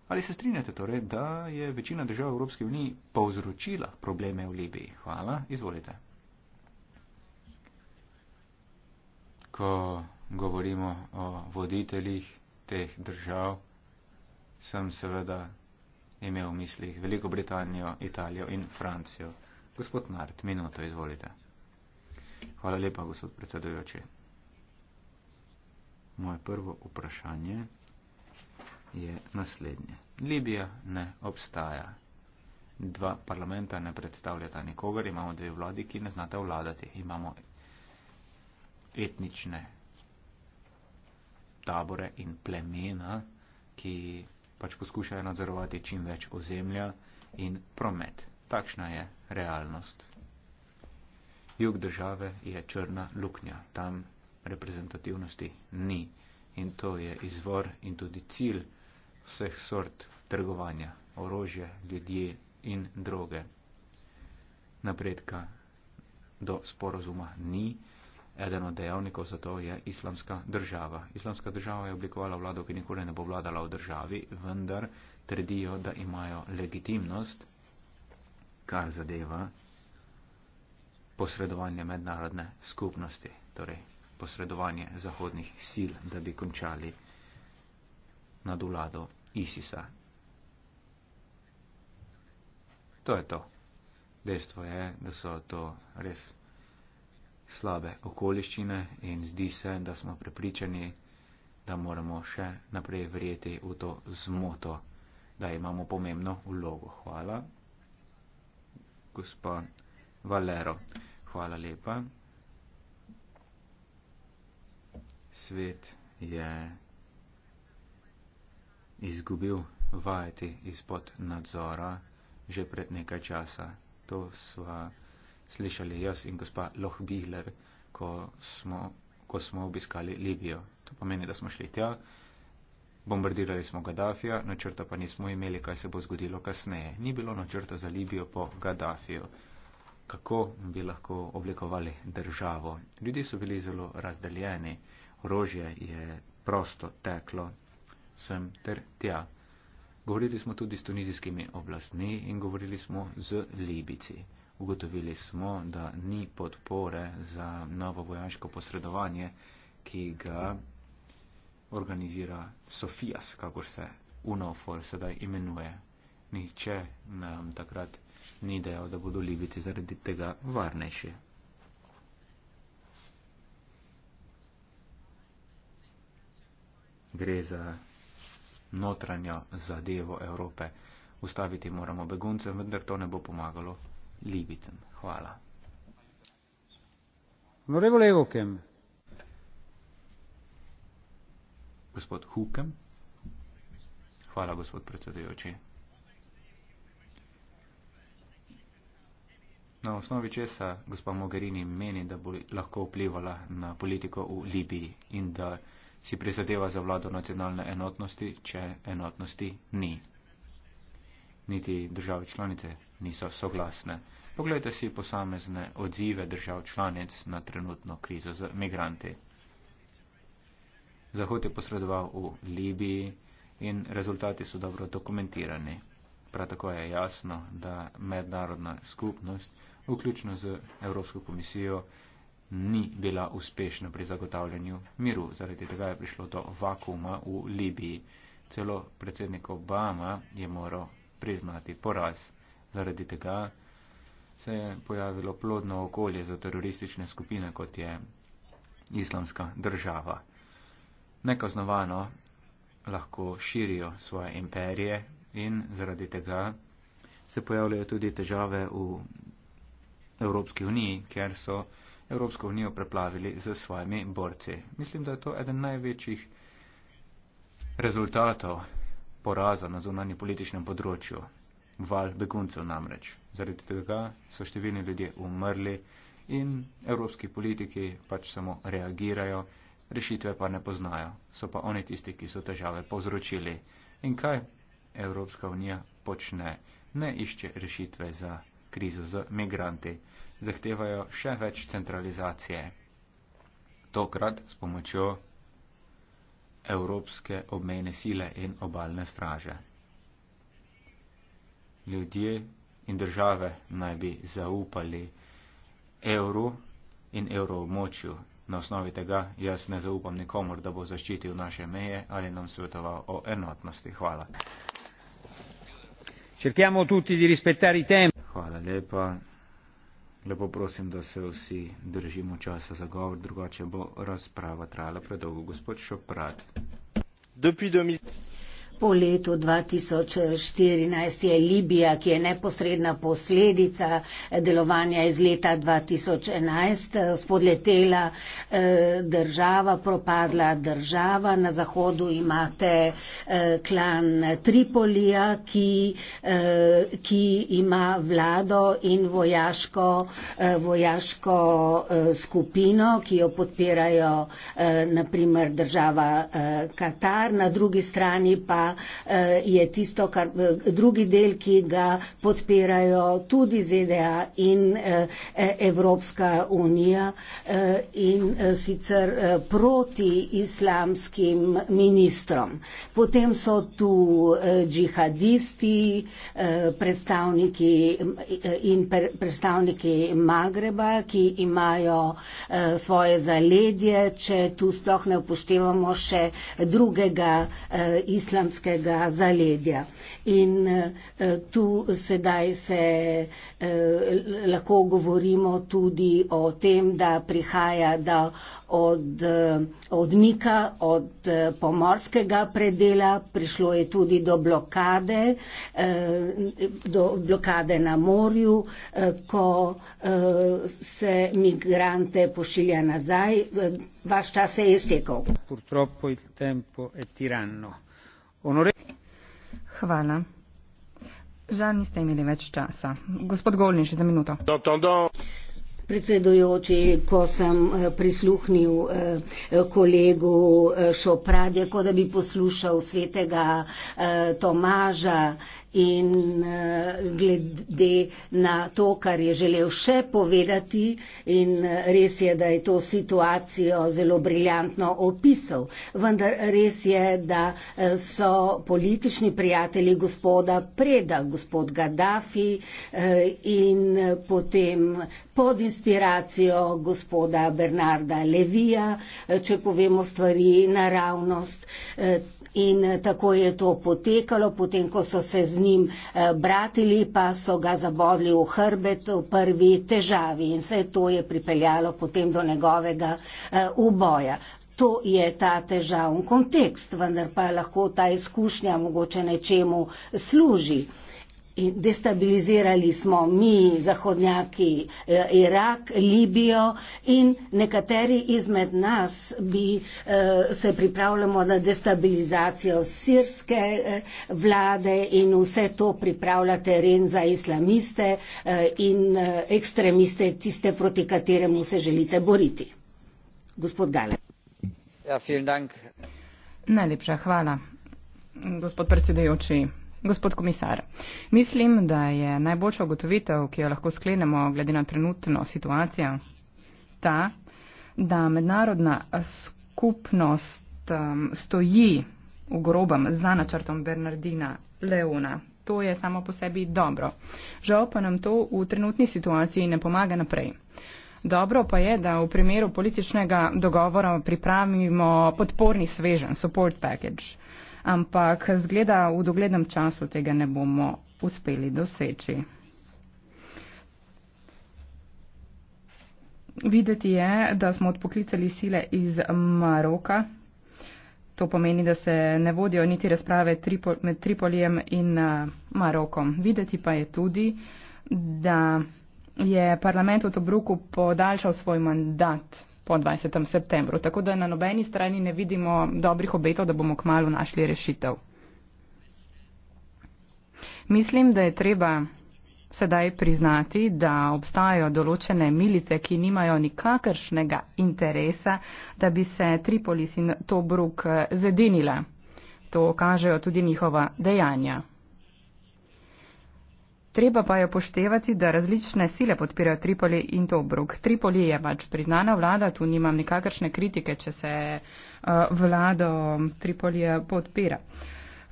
Ali se strinjate torej, da je večina držav Evropske unije povzročila probleme v Libiji? Hvala, izvolite. Ko govorimo o voditeljih teh držav, sem seveda imel v mislih Veliko Britanijo, Italijo in Francijo. Gospod Nart, minuto, izvolite. Hvala lepa, gospod predsedujoči. Moje prvo vprašanje je naslednje. Libija ne obstaja. Dva parlamenta ne predstavljata nikogar, imamo dve vladi, ki ne znata vladati. Imamo etnične tabore in plemena, ki pač poskušajo nadzorovati čim več ozemlja in promet. Takšna je realnost. Jug države je črna luknja, tam reprezentativnosti ni in to je izvor in tudi cilj vseh sort trgovanja, orožje, ljudje in droge. Napredka do sporozuma ni. Eden od dejavnikov za to je islamska država. Islamska država je oblikovala vlado, ki nikoli ne bo vladala v državi, vendar trdijo, da imajo legitimnost kar zadeva posredovanje mednarodne skupnosti, torej posredovanje zahodnih sil, da bi končali nad vlado ISIS-a. To je to. Dejstvo je, da so to res slabe okoliščine in zdi se, da smo prepričani, da moramo še naprej verjeti v to zmoto, da imamo pomembno vlogo. Hvala gospo Valero. Hvala lepa. Svet je izgubil vajeti izpod nadzora že pred nekaj časa. To sva slišali jaz in gospa Lohbihler, ko smo, ko smo obiskali Libijo. To pomeni, da smo šli tja. Bombardirali smo Gaddafija, načrta pa nismo imeli, kaj se bo zgodilo kasneje. Ni bilo načrta za Libijo po Gaddafiju. Kako bi lahko oblikovali državo? Ljudje so bili zelo razdeljeni, orožje je prosto teklo sem ter tja. Govorili smo tudi s tunizijskimi oblastmi in govorili smo z Libici. Ugotovili smo, da ni podpore za novo vojaško posredovanje, ki ga organizira Sofijas, kako se UNOFOR sedaj imenuje. Nihče nam takrat ni dejal, da bodo libiti zaradi tega varnejši. Gre za notranjo zadevo Evrope. Ustaviti moramo begunce, vendar to ne bo pomagalo libicem. Hvala. Honorevole Evokem. Gospod Hukem. Hvala, gospod predsedujoči. Na osnovi česa gospa Mogherini meni, da bo lahko vplivala na politiko v Libiji in da si prizadeva za vlado nacionalne enotnosti, če enotnosti ni. Niti države članice niso soglasne. Poglejte si posamezne odzive držav članic na trenutno krizo z migranti. Zahod je posredoval v Libiji in rezultati so dobro dokumentirani. Prav tako je jasno, da mednarodna skupnost, vključno z Evropsko komisijo, ni bila uspešna pri zagotavljanju miru. Zaradi tega je prišlo do vakuma v Libiji. Celo predsednik Obama je moral priznati poraz. Zaradi tega se je pojavilo plodno okolje za teroristične skupine, kot je islamska država nekaznovano lahko širijo svoje imperije in zaradi tega se pojavljajo tudi težave v Evropski uniji, ker so Evropsko unijo preplavili z svojimi borci. Mislim, da je to eden največjih rezultatov poraza na zunanji političnem področju. Val beguncev namreč. Zaradi tega so številni ljudje umrli in evropski politiki pač samo reagirajo rešitve pa ne poznajo. So pa oni tisti, ki so težave povzročili. In kaj Evropska unija počne? Ne išče rešitve za krizo z migranti. Zahtevajo še več centralizacije. Tokrat s pomočjo Evropske obmejne sile in obalne straže. Ljudje in države naj bi zaupali evru in evroobmočju, Na osnovi tega jaz ne zaupam nikomor, da bo zaščitil naše meje ali nam svetoval o enotnosti. Hvala. Hvala lepa. Lepo prosim, da se vsi držimo časa za govor, drugače bo razprava trajala predolgo. Gospod Šoprat. 2000... Po letu 2014 je Libija, ki je neposredna posledica eh, delovanja iz leta 2011, eh, spodletela eh, država, propadla država. Na zahodu imate klan Tripolija, ki, ki ima vlado in vojaško, vojaško skupino, ki jo podpirajo naprimer država Katar, na drugi strani pa Eh, je tisto, kar eh, drugi del, ki ga podpirajo tudi ZDA in eh, e, Evropska unija in sicer proti islamskim ministrom. Potem so tu džihadisti, predstavniki in predstavniki Magreba, ki imajo svoje zaledje, če tu sploh ne upoštevamo še drugega islamskega slovenskega zaledja. In eh, tu sedaj se eh, lahko govorimo tudi o tem, da prihaja da od odmika, eh, od pomorskega predela, prišlo je tudi do blokade, do blokade na morju, ko se migrante pošilja nazaj. Vaš čas se je iztekel. Purtroppo il tempo è tiranno. Hvala. Žal niste imeli več časa. Gospod Golniš, za minuto. Predsedujoči, ko sem eh, prisluhnil eh, kolegu eh, Šopradje, kot da bi poslušal svetega Tomaža, in eh, glede na to, kar je želel še povedati in eh, res je, da je to situacijo zelo briljantno opisal, vendar res je, da eh, so politični prijatelji gospoda Preda, gospod Gaddafi in potem pod inspiracijo gospoda Bernarda Levija, če povemo stvari naravnost, In eh, tako je to potekalo, potem ko so se z njim eh, bratili, pa so ga zabodli v hrbet v prvi težavi in vse to je pripeljalo potem do njegovega eh, uboja. To je ta težavn kontekst, vendar pa lahko ta izkušnja mogoče nečemu služi. In destabilizirali smo mi, zahodnjaki, eh, Irak, Libijo in nekateri izmed nas bi eh, se pripravljamo na destabilizacijo sirske eh, vlade in vse to pripravlja teren za islamiste in ekstremiste, tiste proti kateremu se želite boriti. Gospod Gale. Ja, Najlepša hvala, gospod predsedujoči. Gospod komisar, mislim, da je najboljša ugotovitev, ki jo lahko sklenemo glede na trenutno situacijo, ta, da mednarodna skupnost um, stoji v grobem za načrtom Bernardina Leona. To je samo po sebi dobro. Žal pa nam to v trenutni situaciji ne pomaga naprej. Dobro pa je, da v primeru političnega dogovora pripravimo podporni svežen, support package ampak zgleda v doglednem času tega ne bomo uspeli doseči. Videti je, da smo odpoklicali sile iz Maroka. To pomeni, da se ne vodijo niti razprave tripo, med Tripolijem in eh, Marokom. Videti pa je tudi, da je parlament v Tobruku podaljšal svoj mandat po 20. septembru. Tako da na nobeni strani ne vidimo dobrih obetov, da bomo kmalo našli rešitev. Mislim, da je treba sedaj priznati, da obstajajo določene milice, ki nimajo nikakršnega interesa, da bi se Tripolis in Tobruk zedinila. To kažejo tudi njihova dejanja. Treba pa je poštevati, da različne sile podpirajo Tripoli in Tobruk. Tripoli je pač priznana vlada, tu nimam nikakršne kritike, če se uh, vlado Tripolija podpira.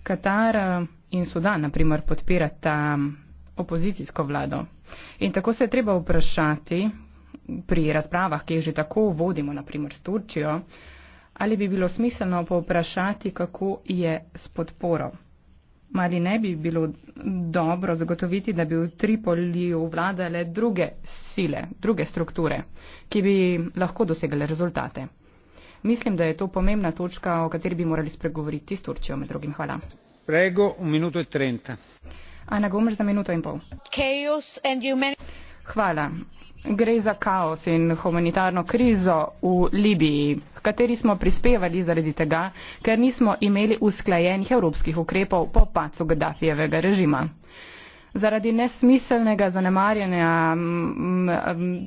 Katar eh, in Sudan, naprimer, podpirata mm, opozicijsko vlado. In tako se je treba vprašati pri razpravah, ki jih že tako vodimo, naprimer s Turčijo, ali bi bilo smiselno povprašati, kako je s podporo ali ne bi bilo dobro zagotoviti, da bi v Tripoliju vladale druge sile, druge strukture, ki bi lahko dosegale rezultate. Mislim, da je to pomembna točka, o kateri bi morali spregovoriti s Turčijo, med drugim. Hvala. Prego, minuto in e trenta. Ana Gomer za minuto in pol. Hvala. Gre za kaos in humanitarno krizo v Libiji, v kateri smo prispevali zaradi tega, ker nismo imeli usklajenih evropskih ukrepov po pacu Gaddafijevega režima. Zaradi nesmiselnega zanemarjanja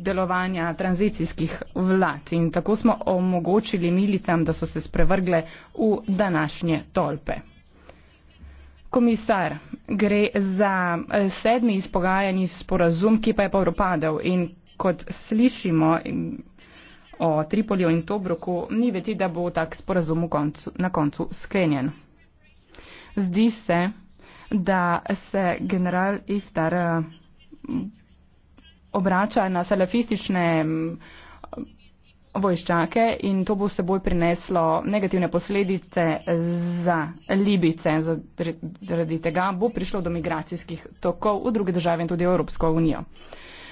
delovanja tranzicijskih vlad in tako smo omogočili milicam, da so se sprevrgle v današnje tolpe. Komisar, gre za eh, sedmi izpogajani sporazum, ki pa je propadel in kot slišimo o Tripolju in Tobruku, ni veti, da bo tak sporazum koncu, na koncu sklenjen. Zdi se, da se general Iftar eh, obrača na salafistične mm, vojščake in to bo seboj prineslo negativne posledice za Libice. Zaradi tega bo prišlo do migracijskih tokov v druge države in tudi Evropsko unijo.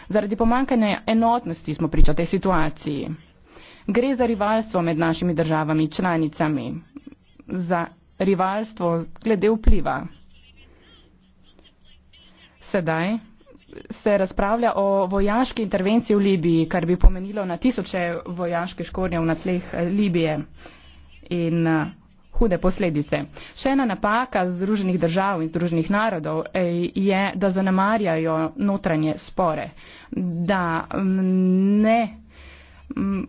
Zaradi pomankanja enotnosti smo priča tej situaciji. Gre za rivalstvo med našimi državami članicami, za rivalstvo glede vpliva. Sedaj se razpravlja o vojaški intervenciji v Libiji, kar bi pomenilo na tisoče vojaške škornjev na tleh eh, Libije. In eh, hude posledice. Še ena napaka Združenih držav in Združenih narodov eh, je, da zanemarjajo notranje spore, da mm, ne mm,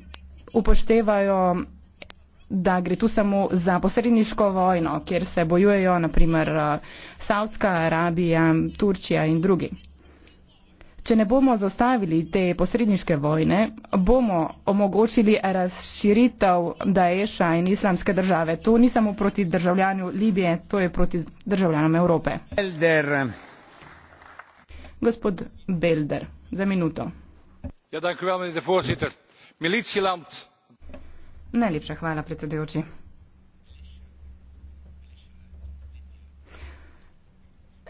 upoštevajo da gre tu samo za posredniško vojno, kjer se bojujejo naprimer eh, Saudska Arabija, Turčija in drugi. Če ne bomo zastavili te posredniške vojne, bomo omogočili razširitev Daesha in islamske države. To ni samo proti državljanju Libije, to je proti državljanom Evrope. Belder. Gospod Belder, za minuto. Ja, dankujem, da je voziter. Milici Lamt. Najlepša hvala, predsedujoči.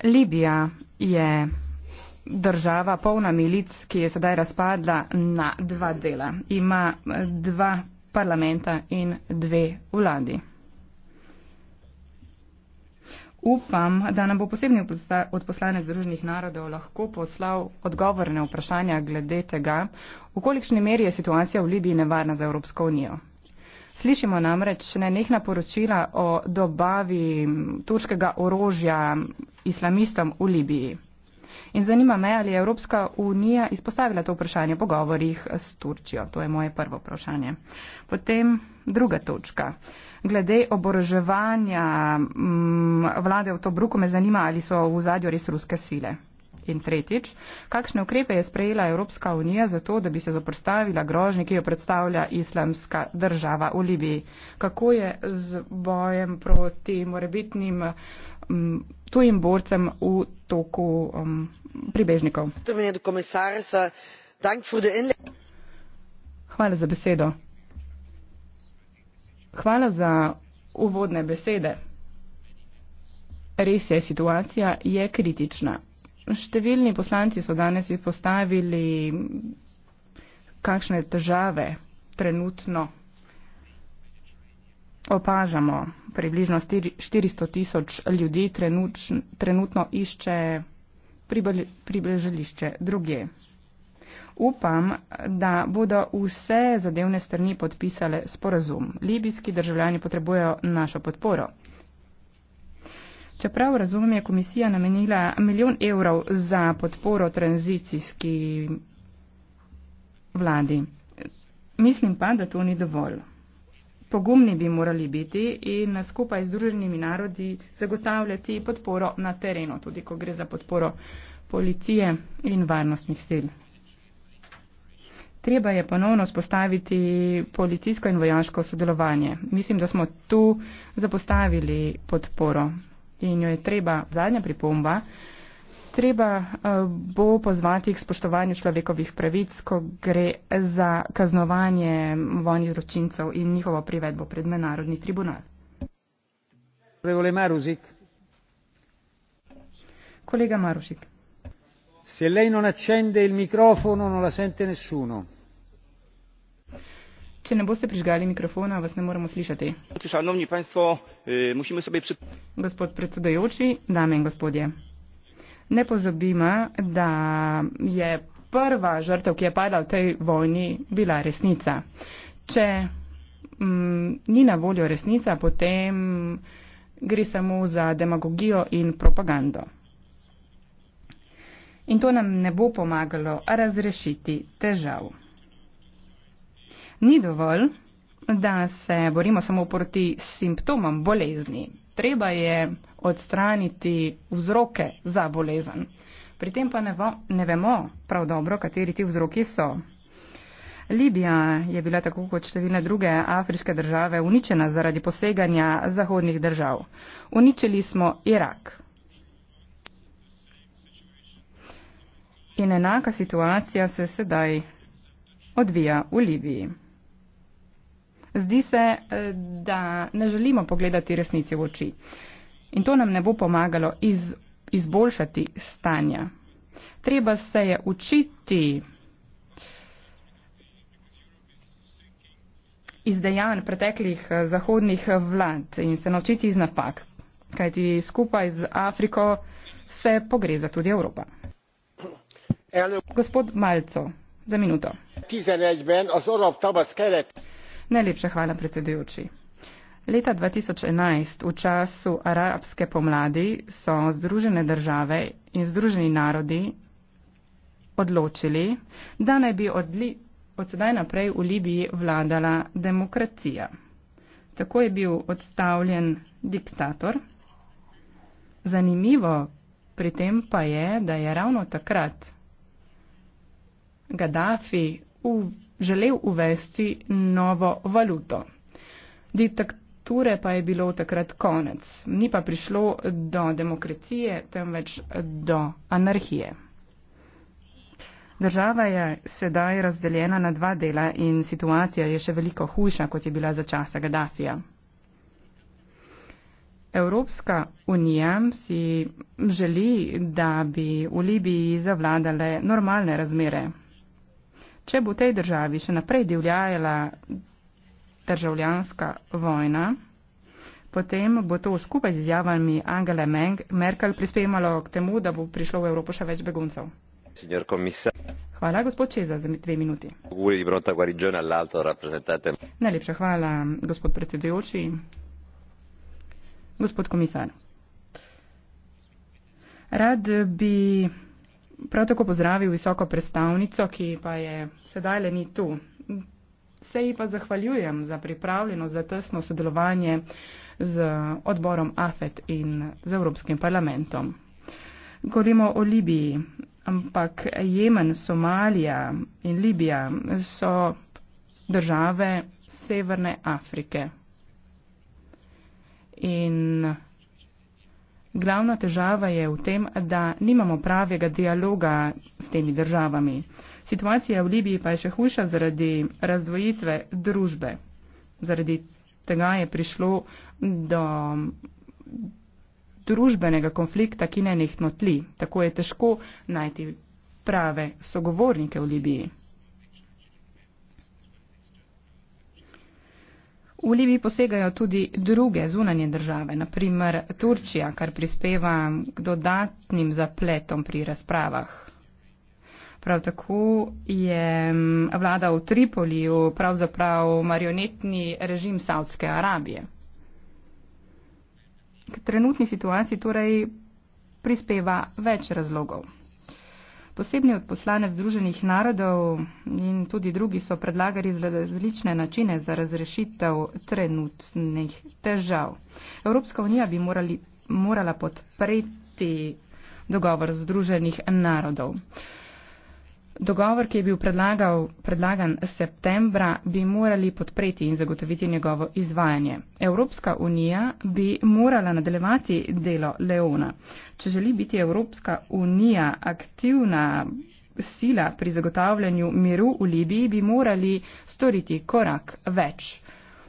Libija je država polna milic, ki je sedaj razpadla na dva dela. Ima eh, dva parlamenta in dve vladi. Upam, da nam bo posebni odposlanec Združenih narodov lahko poslal odgovor na vprašanja glede tega, v kolikšni meri je situacija v Libiji nevarna za Evropsko unijo. Slišimo namreč nenehna poročila o dobavi turškega orožja islamistom v Libiji. In zanima me, ali je Evropska unija izpostavila to vprašanje v pogovorjih s Turčijo. To je moje prvo vprašanje. Potem druga točka. Glede oboroževanja mm, vlade v Tobruku me zanima, ali so v zadju res ruske sile. In tretjič, kakšne ukrepe je sprejela Evropska unija za to, da bi se zoprstavila grožnji, ki jo predstavlja islamska država v Libiji? Kako je z bojem proti morebitnim uh, um, tujim borcem v toku um, pribežnikov. Hvala za besedo. Hvala za uvodne besede. Res je, situacija je kritična. Številni poslanci so danes izpostavili, kakšne težave trenutno opažamo. Približno 400 tisoč ljudi trenuč, trenutno išče pribežališče druge. Upam, da bodo vse zadevne strani podpisale sporazum. Libijski državljani potrebujejo našo podporo. Čeprav razumem, je komisija namenila milijon evrov za podporo tranzicijski vladi. Mislim pa, da to ni dovolj pogumni bi morali biti in skupaj z druženimi narodi zagotavljati podporo na terenu, tudi ko gre za podporo policije in varnostnih sil. Treba je ponovno spostaviti policijsko in vojaško sodelovanje. Mislim, da smo tu zapostavili podporo in jo je treba zadnja pripomba treba eh, bo pozvati k spoštovanju človekovih pravic, ko gre za kaznovanje vojnih zločincev in njihovo privedbo pred mednarodni tribunal. Kolega Marušik. Se lei non accende il microfono, non la sente nessuno. Če ne boste prižgali mikrofona, vas ne moremo slišati. E, Gospod predsedajoči, dame in gospodje ne pozabimo, da je prva žrtev, ki je padla v tej vojni, bila resnica. Če m, mm, ni na voljo resnica, potem gre samo za demagogijo in propagando. In to nam ne bo pomagalo razrešiti težav. Ni dovolj, da se borimo samo proti simptomom bolezni, treba je odstraniti vzroke za bolezen. Pri tem pa ne, vo, ne vemo prav dobro, kateri ti vzroki so. Libija je bila tako kot številne druge afriške države uničena zaradi poseganja zahodnih držav. Uničili smo Irak. In enaka situacija se sedaj odvija v Libiji. Zdi se, eh, da ne želimo pogledati resnici v oči. In to nam ne bo pomagalo iz, izboljšati stanja. Treba se je učiti iz dejanj preteklih eh, zahodnih eh, vlad in se naučiti iz napak, kajti skupaj z Afriko se pogreza tudi Evropa. Gospod Malco, za minuto. 11. az arab tavasz keret. Najlepša hvala, predsedujoči. Leta 2011, v času arabske pomladi, so Združene države in Združeni narodi odločili, da naj bi od, li, od sedaj naprej v Libiji vladala demokracija. Tako je bil odstavljen diktator. Zanimivo pri tem pa je, da je ravno takrat Gaddafi v želel uvesti novo valuto. Diktature pa je bilo takrat konec. Ni pa prišlo do demokracije, temveč do anarhije. Država je sedaj razdeljena na dva dela in situacija je še veliko hujša, kot je bila za časa Gaddafija. Evropska unija si želi, da bi v Libiji zavladale normalne razmere, Če bo v tej državi še naprej divljajala državljanska vojna, potem bo to skupaj z izjavami Angele Merkel prispevalo k temu, da bo prišlo v Evropo še več beguncev. Hvala, gospod Čeza, za dve minuti. Najlepša hvala, gospod predsedujoči. Gospod komisar. Rad bi prav tako pozdravil visoko predstavnico, ki pa je sedaj le ni tu. Se ji pa zahvaljujem za pripravljeno, za tesno sodelovanje z odborom AFET in z Evropskim parlamentom. Govorimo o Libiji, ampak Jemen, Somalija in Libija so države Severne Afrike. In Glavna težava je v tem, da nimamo pravega dialoga s temi državami. Situacija v Libiji pa je še hujša zaradi razdvojitve družbe. Zaradi tega je prišlo do družbenega konflikta, ki ne nehnotli. Tako je težko najti prave sogovornike v Libiji. V Libiji posegajo tudi druge zunanje države, naprimer Turčija, kar prispeva k dodatnim zapletom pri razpravah. Prav tako je mm, vlada v Tripoliju pravzaprav marionetni režim Saudske Arabije. K trenutni situaciji torej prispeva več razlogov. Posebni odposlanec Združenih narodov in tudi drugi so predlagali različne načine za razrešitev trenutnih težav. Evropska unija bi morali, morala podpreti dogovor Združenih narodov. Dogovor, ki je bil predlagan septembra, bi morali podpreti in zagotoviti njegovo izvajanje. Evropska unija bi morala nadaljevati delo Leona. Če želi biti Evropska unija aktivna sila pri zagotavljanju miru v Libiji, bi morali storiti korak več.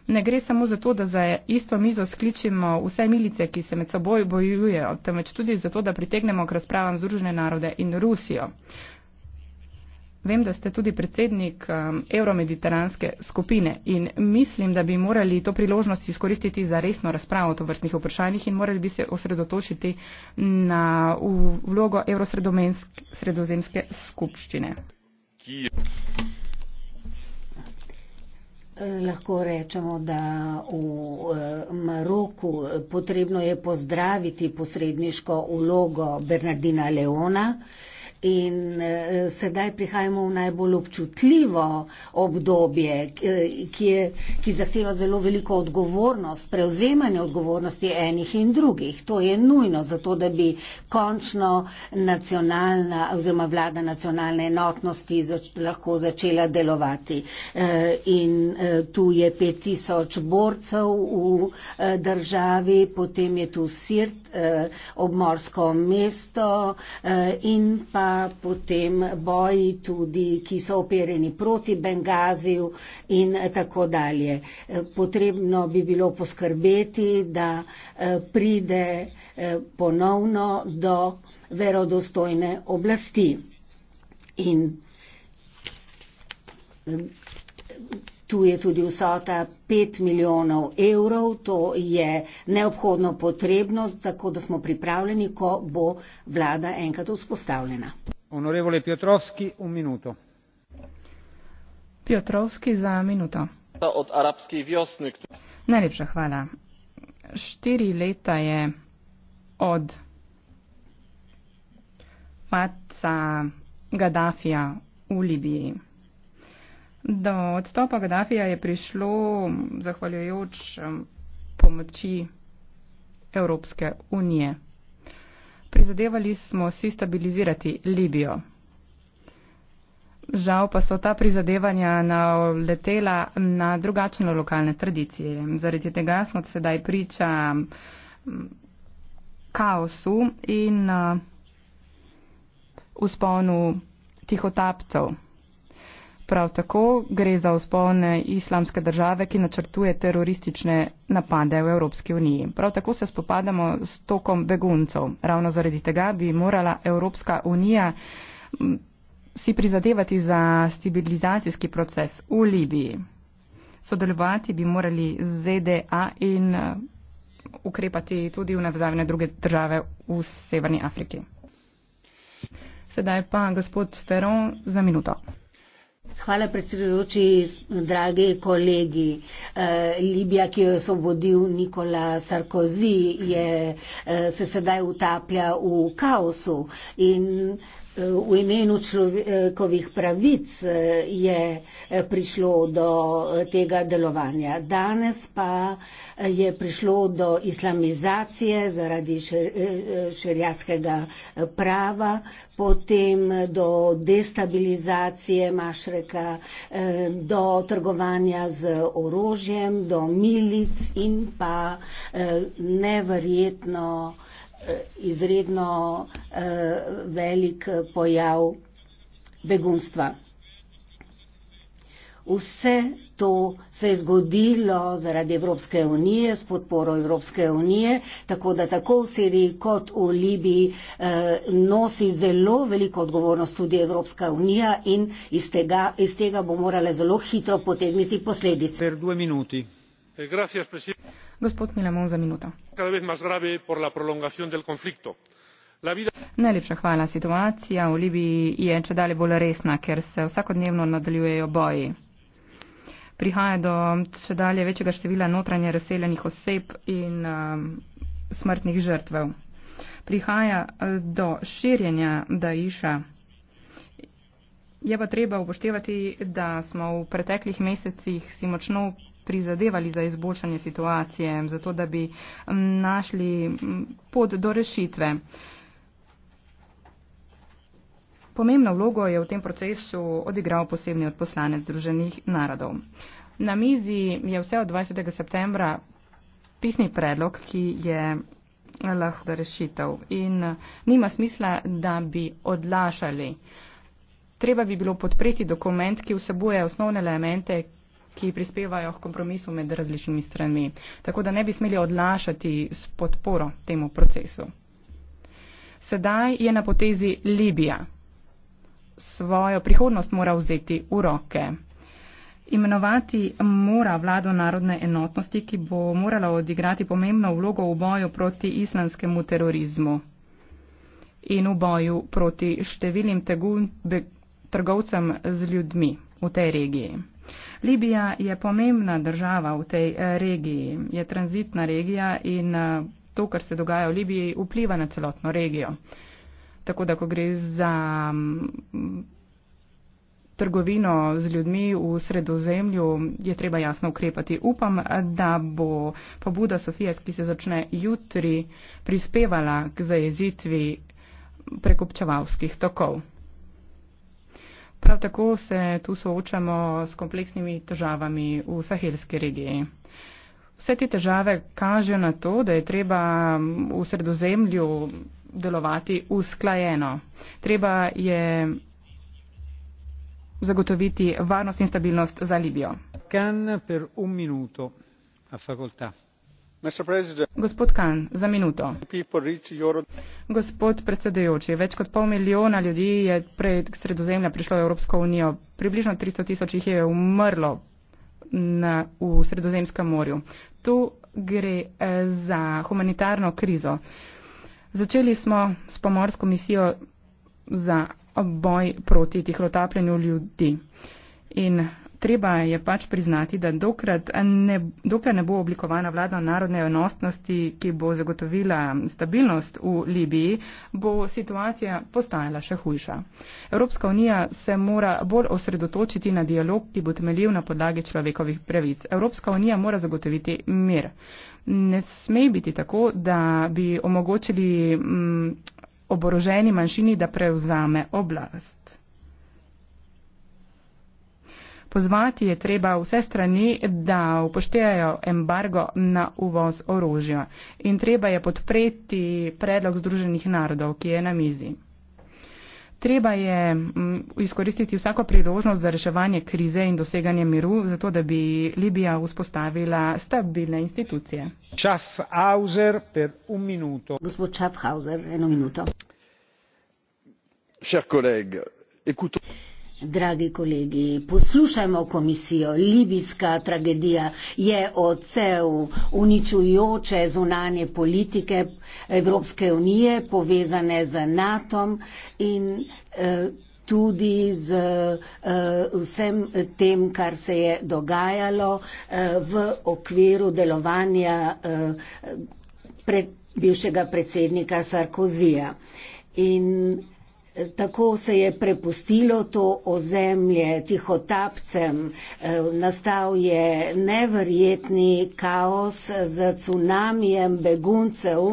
Ne gre samo za to, da za isto mizo skličimo vse milice, ki se med seboj bojujejo, temveč tudi za to, da pritegnemo k razpravam Združene narode in Rusijo. Vem, da ste tudi predsednik um, Euromediteranske skupine in mislim, da bi morali to priložnost izkoristiti za resno razpravo o to vrstnih vprašanjih in morali bi se osredotočiti na vlogo Evrosredozemske skupščine. Lahko rečemo, da v eh, Maroku eh, potrebno je pozdraviti posredniško vlogo Bernardina Leona. In eh, sedaj prihajamo v najbolj občutljivo obdobje, ki, je, ki zahteva zelo veliko odgovornost, prevzemanje odgovornosti enih in drugih. To je nujno za to, da bi končno nacionalna oziroma vlada nacionalne enotnosti zač lahko začela delovati. Eh, in eh, tu je 5000 borcev v eh, državi, potem je tu Sirt, eh, obmorsko mesto eh, in pa potem boji tudi, ki so opereni proti Bengaziju in tako dalje. Potrebno bi bilo poskrbeti, da eh, pride eh, ponovno do verodostojne oblasti. In eh, Tu je tudi vsota 5 milijonov evrov, to je neobhodno potrebno, tako da smo pripravljeni, ko bo vlada enkrat vzpostavljena. Honorevole Piotrovski, un minuto. Piotrovski za minuto. Od arabskih vjosnik. Najlepša hvala. Štiri leta je od padca Gaddafija v Libiji. Do odstopa Gaddafija je prišlo zahvaljujoč um, pomoči Evropske unije. Prizadevali smo si stabilizirati Libijo. Žal pa so ta prizadevanja naletela na drugačne lokalne tradicije. Zaradi tega smo sedaj priča um, kaosu in uh, usponu tihotapcev. Prav tako gre za vzpone islamske države, ki načrtuje teroristične napade v Evropski uniji. Prav tako se spopadamo s tokom beguncov. Ravno zaradi tega bi morala Evropska unija si prizadevati za stabilizacijski proces v Libiji. Sodelovati bi morali z ZDA in eh, ukrepati tudi v nevzavne druge države v Severni Afriki. Sedaj pa gospod Ferron za minuto. Hvala predsedujoči, dragi kolegi. E, Libija, ki jo je osvobodil Nikola Sarkozy, je, e, se sedaj utaplja v kaosu. In, v imenu človekovih pravic eh, je eh, prišlo do eh, tega delovanja. Danes pa je prišlo do islamizacije zaradi šerijatskega prava, potem do destabilizacije Mašreka, do trgovanja z orožjem, do milic in pa neverjetno izredno eh, velik pojav begunstva. Vse to se je zgodilo zaradi Evropske unije, s podporo Evropske unije, tako da tako v Siriji kot v Libiji eh, nosi zelo veliko odgovornost tudi Evropska unija in iz tega, iz tega bo morala zelo hitro potegniti posledice. Per najlepša hvala situacija v libiji je čedalje bolj resna ker se vsakodnevno nadaljujejo boji prihaja do čedalje večjega števila notranje razseljenih oseb in um, smrtnih žrtev prihaja eh, do širjenja daiša Je pa treba upoštevati, da smo v preteklih mesecih si močno prizadevali za izboljšanje situacije, zato da bi mm, našli mm, pot do rešitve. Pomembno vlogo je v tem procesu odigral posebni odposlanec Združenih narodov. Na mizi je vse od 20. septembra pisni predlog, ki je lahko da rešitev in nima smisla, da bi odlašali. Treba bi bilo podpreti dokument, ki vsebuje osnovne elemente, ki prispevajo k kompromisu med različnimi stranmi. Tako da ne bi smeli odlašati s podporo temu procesu. Sedaj je na potezi Libija. Svojo prihodnost mora vzeti v roke. Imenovati mora vlado narodne enotnosti, ki bo morala odigrati pomembno vlogo v boju proti islamskemu terorizmu in v boju proti številnim tegu, be, trgovcem z ljudmi v tej regiji. Libija je pomembna država v tej eh, regiji, je tranzitna regija in eh, to, kar se dogaja v Libiji, vpliva na celotno regijo. Tako da, ko gre za mm, trgovino z ljudmi v sredozemlju, je treba jasno ukrepati. Upam, da bo pobuda Sofije, ki se začne jutri, prispevala k zajezitvi prekupčevalskih tokov. Prav tako se tu soočamo s kompleksnimi težavami v sahelski regiji. Vse te težave kažejo na to, da je treba v sredozemlju delovati usklajeno. Treba je zagotoviti varnost in stabilnost za Libijo. Can per un minuto, a facoltà. Gospod Kan, za minuto. Gospod predsedujoči, več kot pol milijona ljudi je prek sredozemlja prišlo v Evropsko unijo. Približno 300 tisoč jih je umrlo na, v sredozemskem morju. Tu gre eh, za humanitarno krizo. Začeli smo s pomorsko misijo za boj proti tihotapljenju ljudi. In treba je pač priznati, da ne, dokler ne bo oblikovana vlada narodne enostnosti, ki bo zagotovila stabilnost v Libiji, bo situacija postajala še hujša. Evropska unija se mora bolj osredotočiti na dialog, ki bo temeljil na podlagi človekovih pravic. Evropska unija mora zagotoviti mir. Ne sme biti tako, da bi omogočili m, mm, oboroženi manjšini, da prevzame oblast. Pozvati je treba vse strani, da upoštevajo embargo na uvoz orožja in treba je podpreti predlog Združenih narodov, ki je na mizi. Treba je mm, izkoristiti vsako priložnost za reševanje krize in doseganje miru, zato da bi Libija vzpostavila stabilne institucije. Schaffhauser, per un minuto. Gospod Schaffhauser, eno minuto. Cher kolega, ekuto. Dragi kolegi, poslušajmo komisijo. Libijska tragedija je odsev uničujoče zunanje politike Evropske unije povezane z NATO-om in eh, tudi z eh, vsem tem, kar se je dogajalo eh, v okviru delovanja pred, bivšega predsednika Sarkozija. In Tako se je prepustilo to ozemlje tihotapcem, e, nastal je neverjetni kaos z cunamijem beguncev,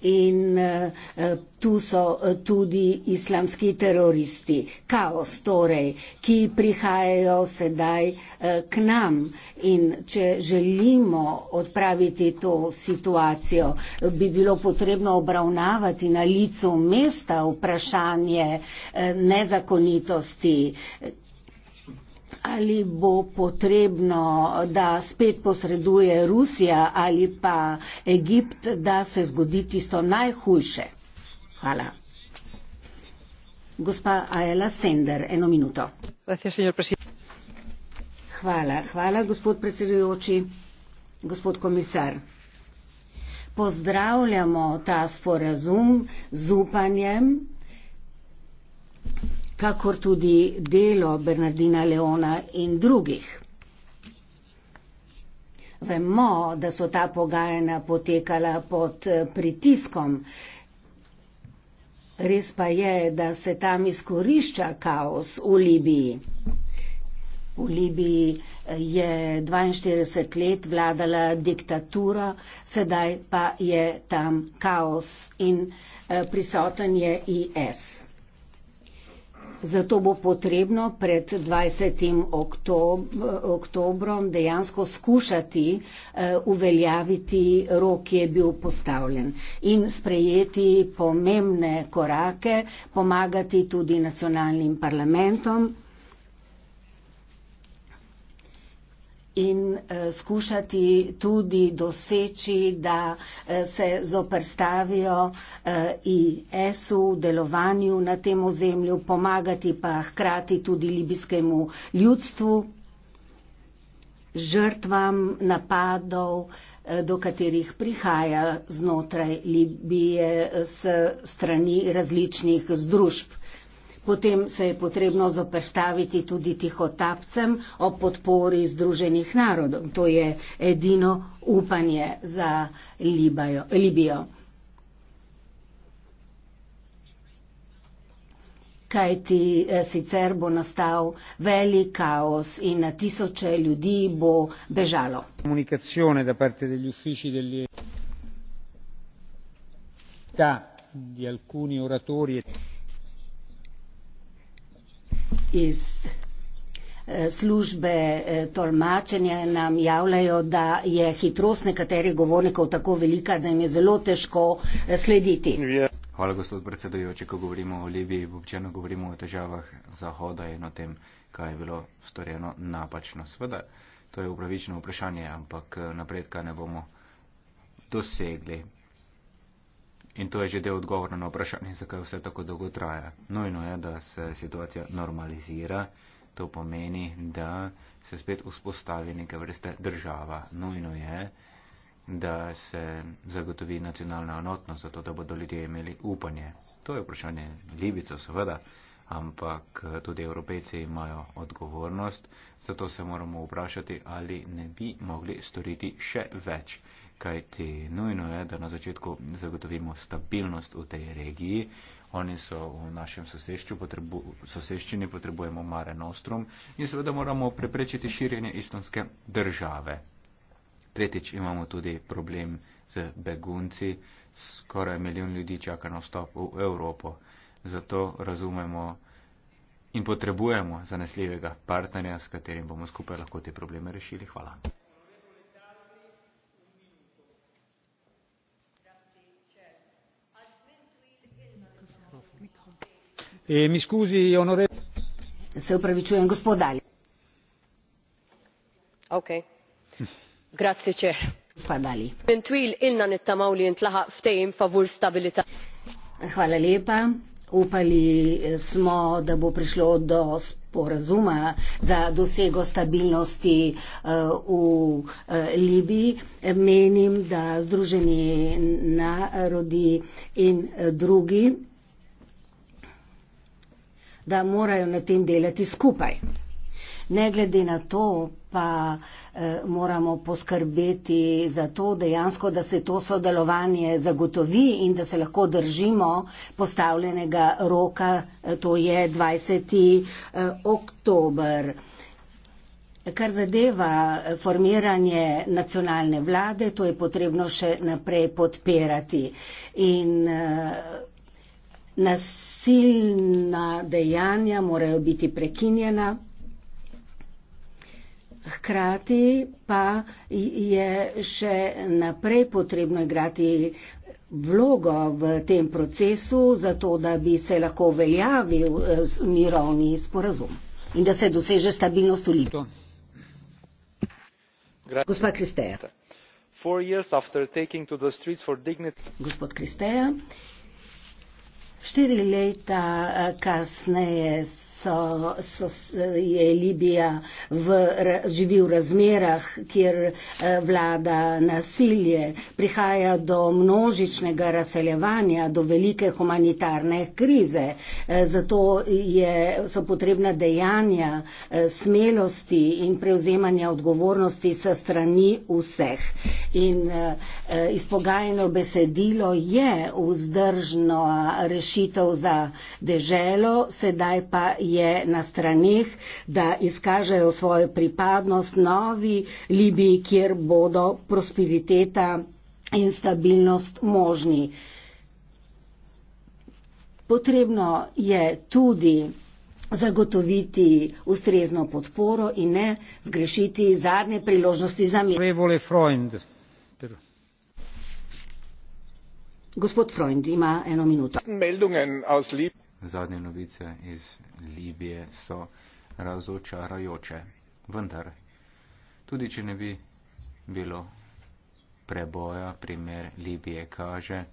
in eh, tu so eh, tudi islamski teroristi, kaos torej, ki prihajajo sedaj eh, k nam in če želimo odpraviti to situacijo, bi bilo potrebno obravnavati na licu mesta vprašanje nezakonitosti, ali bo potrebno, da spet posreduje Rusija ali pa Egipt, da se zgodi tisto najhujše. Hvala. Gospa Ajela Sender, eno minuto. Hvala, hvala, gospod predsedujoči, gospod komisar. Pozdravljamo ta sporazum z upanjem, kakor tudi delo Bernardina Leona in drugih. Vemo, da so ta pogajanja potekala pod eh, pritiskom. Res pa je, da se tam izkorišča kaos v Libiji. V Libiji eh, je 42 let vladala diktatura, sedaj pa je tam kaos in eh, prisoten je IS. Zato bo potrebno pred 20. oktobrom dejansko skušati eh, uveljaviti rok, ki je bil postavljen in sprejeti pomembne korake, pomagati tudi nacionalnim parlamentom. in eh, skušati tudi doseči, da eh, se zoprstavijo eh, IS-u v delovanju na tem ozemlju, pomagati pa hkrati tudi libijskemu ljudstvu, žrtvam napadov, eh, do katerih prihaja znotraj Libije eh, s strani različnih združb. Potem se je potrebno zoprstaviti tudi tihotapcem o podpori Združenih narodov. To je edino upanje za Libajo, Libijo. Kaj ti eh, sicer bo nastal velik kaos in na tisoče ljudi bo bežalo. Komunikacijone da parte degli uffici degli... Da, di alcuni oratori... E iz eh, službe eh, tolmačenja nam javljajo, da je hitrost nekaterih govornikov tako velika, da jim je zelo težko eh, slediti. Hvala, gospod predsedujoči. Ko govorimo o Libiji, občasno govorimo o težavah Zahoda in o tem, kaj je bilo storjeno napačno. Sveda, to je upravičeno vprašanje, ampak napredka ne bomo dosegli. In to je že del odgovora na vprašanje, zakaj vse tako dolgo traja. Nujno je, da se situacija normalizira, to pomeni, da se spet vzpostavi neke vrste država. Nujno je, da se zagotovi nacionalna enotnost, zato da bodo ljudje imeli upanje. To je vprašanje Libico, seveda, ampak tudi evropejci imajo odgovornost, zato se moramo vprašati, ali ne bi mogli storiti še več kajti nujno je, da na začetku zagotovimo stabilnost v tej regiji. Oni so v našem sosešču, potrebu, soseščini potrebujemo Mare Nostrum in seveda moramo preprečiti širjenje islamske države. Tretjič imamo tudi problem z begunci, skoraj milijon ljudi čaka na vstop v Evropo. Zato razumemo in potrebujemo zanesljivega partnerja, s katerim bomo skupaj lahko te probleme rešili. Hvala. E mi scusi, onorevole. Se opravičujem, gospod Dalje. Ok. Grazie, Cer. Gospod Dalje. Ventuil, ilna ne tamavli in tlaha v tej in favor stabilita. Hvala lepa. Upali eh, smo, da bo prišlo do sporazuma za dosego stabilnosti eh, v eh, Libiji. Menim, da Združeni narodi in drugi da morajo na tem delati skupaj. Ne glede na to, pa eh, moramo poskrbeti za to dejansko, da se to sodelovanje zagotovi in da se lahko držimo postavljenega roka, eh, to je 20. Eh, oktober. Kar zadeva eh, formiranje nacionalne vlade, to je potrebno še naprej podpirati. In, eh, nasilna dejanja morajo biti prekinjena. Hkrati pa je še naprej potrebno igrati vlogo v tem procesu, zato da bi se lahko veljavil eh, mirovni sporazum in da se doseže stabilnost v Libiji. Gospa Kristeja. Gospod Kristeja. Štiri leta eh, kasneje so, so, je Libija v, živi v razmerah, kjer eh, vlada nasilje, prihaja do množičnega razseljevanja, do velike humanitarne krize. Eh, zato je, so potrebna dejanja smelosti in prevzemanja odgovornosti sa strani vseh. In izpogajeno besedilo je vzdržno rešitev rešitev za deželo, sedaj pa je na stranih, da izkažejo svojo pripadnost novi Libiji, kjer bodo prosperiteta in stabilnost možni. Potrebno je tudi zagotoviti ustrezno podporo in ne zgrešiti zadnje priložnosti za mir. zadnje novice iz libije so razočarajoče vendar tudi če ne bi bilo preboja primer libije kaže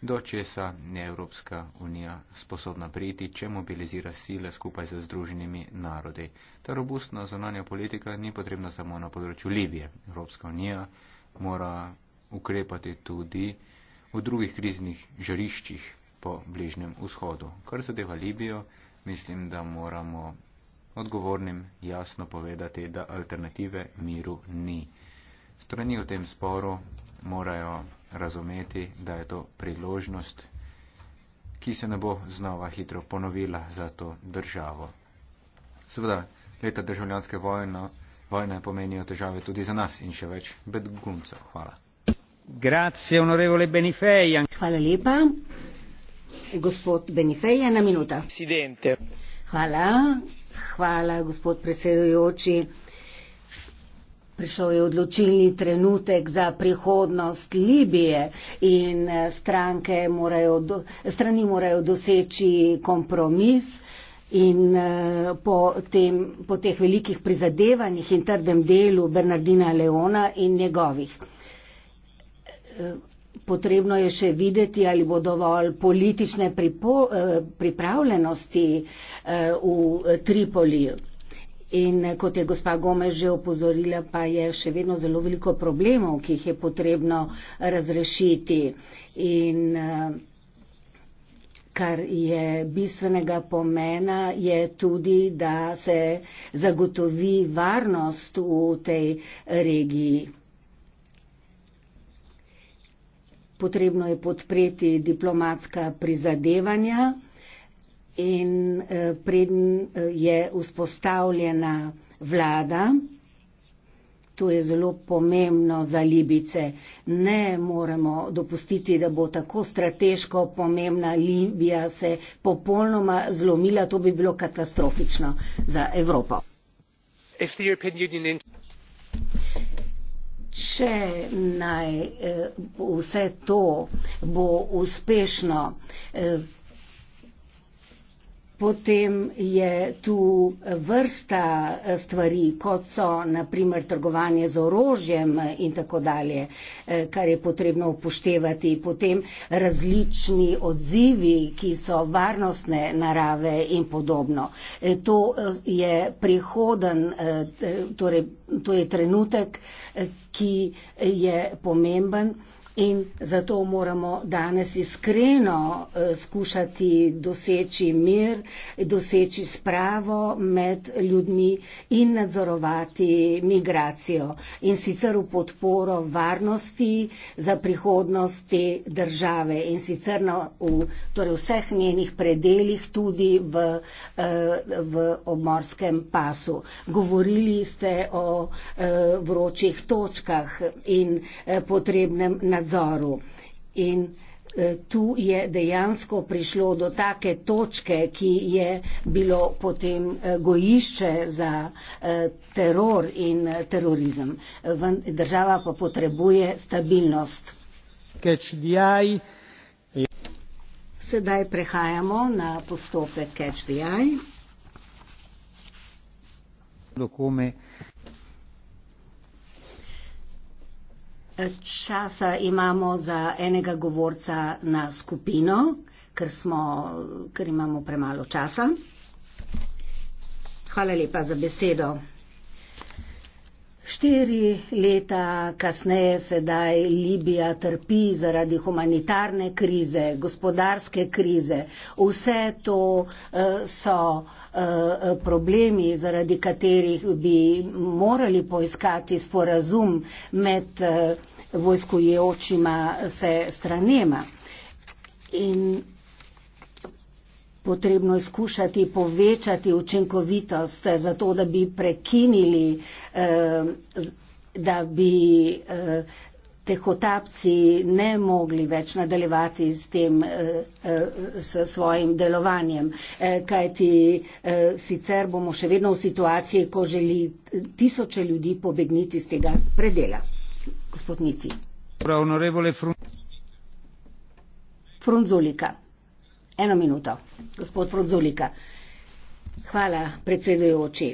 do česa je Evropska unija sposobna priti, če mobilizira sile skupaj z združenimi narodi. Ta robustna zonanja politika ni potrebna samo na področju Libije. Evropska unija mora ukrepati tudi v drugih kriznih žariščih po bližnjem vzhodu. Kar zadeva Libijo, mislim, da moramo odgovornim jasno povedati, da alternative miru ni. Strani v tem sporu morajo razumeti, da je to priložnost, ki se ne bo znova hitro ponovila za to državo. Seveda, leta državljanske vojne, vojne pomenijo težave tudi za nas in še več beguncev. Hvala. Hvala lepa. Gospod Benifej, ena minuta. Presidente. Hvala, hvala, gospod predsedujoči. Prišel je odločilni trenutek za prihodnost Libije in eh, morajo do, strani morajo doseči kompromis in eh, po, tem, po teh velikih prizadevanjih in trdem delu Bernardina Leona in njegovih potrebno je še videti, ali bo dovolj politične eh, pripravljenosti eh, v Tripoliju. In eh, kot je gospa Gomez že opozorila, pa je še vedno zelo veliko problemov, ki jih je potrebno razrešiti. In kar je bistvenega pomena, je tudi, da se zagotovi varnost v tej regiji. potrebno je podpreti diplomatska prizadevanja in eh, preden eh, je vzpostavljena vlada, to je zelo pomembno za Libice, ne moremo dopustiti, da bo tako strateško pomembna Libija se popolnoma zlomila, to bi bilo katastrofično za Evropo če naj eh, vse to bo uspešno eh, potem je tu vrsta eh, stvari, kot so naprimer trgovanje z orožjem eh, in tako dalje, eh, kar je potrebno upoštevati, potem različni odzivi, ki so varnostne narave in podobno. To je prihoden, torej to je trenutek, ki je pomemben. In zato moramo danes iskreno eh, skušati doseči mir, doseči spravo med ljudmi in nadzorovati migracijo in sicer v podporo varnosti za prihodnost te države in sicer na, v torej vseh njenih predeljih tudi v, eh, v obmorskem pasu. Govorili ste o eh, vročih točkah in potrebnem nadzorovanju nadzoru. In eh, tu je dejansko prišlo do take točke, ki je bilo potem eh, gojišče za eh, teror in terorizem. Država pa potrebuje stabilnost. Sedaj prehajamo na postopek catch the eye. časa imamo za enega govorca na skupino, ker, smo, ker imamo premalo časa. Hvala lepa za besedo. Štiri leta kasneje sedaj Libija trpi zaradi humanitarne krize, gospodarske krize. Vse to uh, so uh, problemi, zaradi katerih bi morali poiskati sporazum med. Uh, vojskojejočima se stranema. In potrebno je skušati povečati učinkovitost za to, da bi prekinili, eh, da bi eh, tehotapci ne mogli več nadaljevati s tem, eh, s svojim delovanjem. Kajti sicer bomo še vedno v situaciji, ko želi tisoče ljudi pobegniti z tega predela gospod Nici. Frunzulika. Eno minuto. Gospod Frunzulika. Hvala, predsedujoči.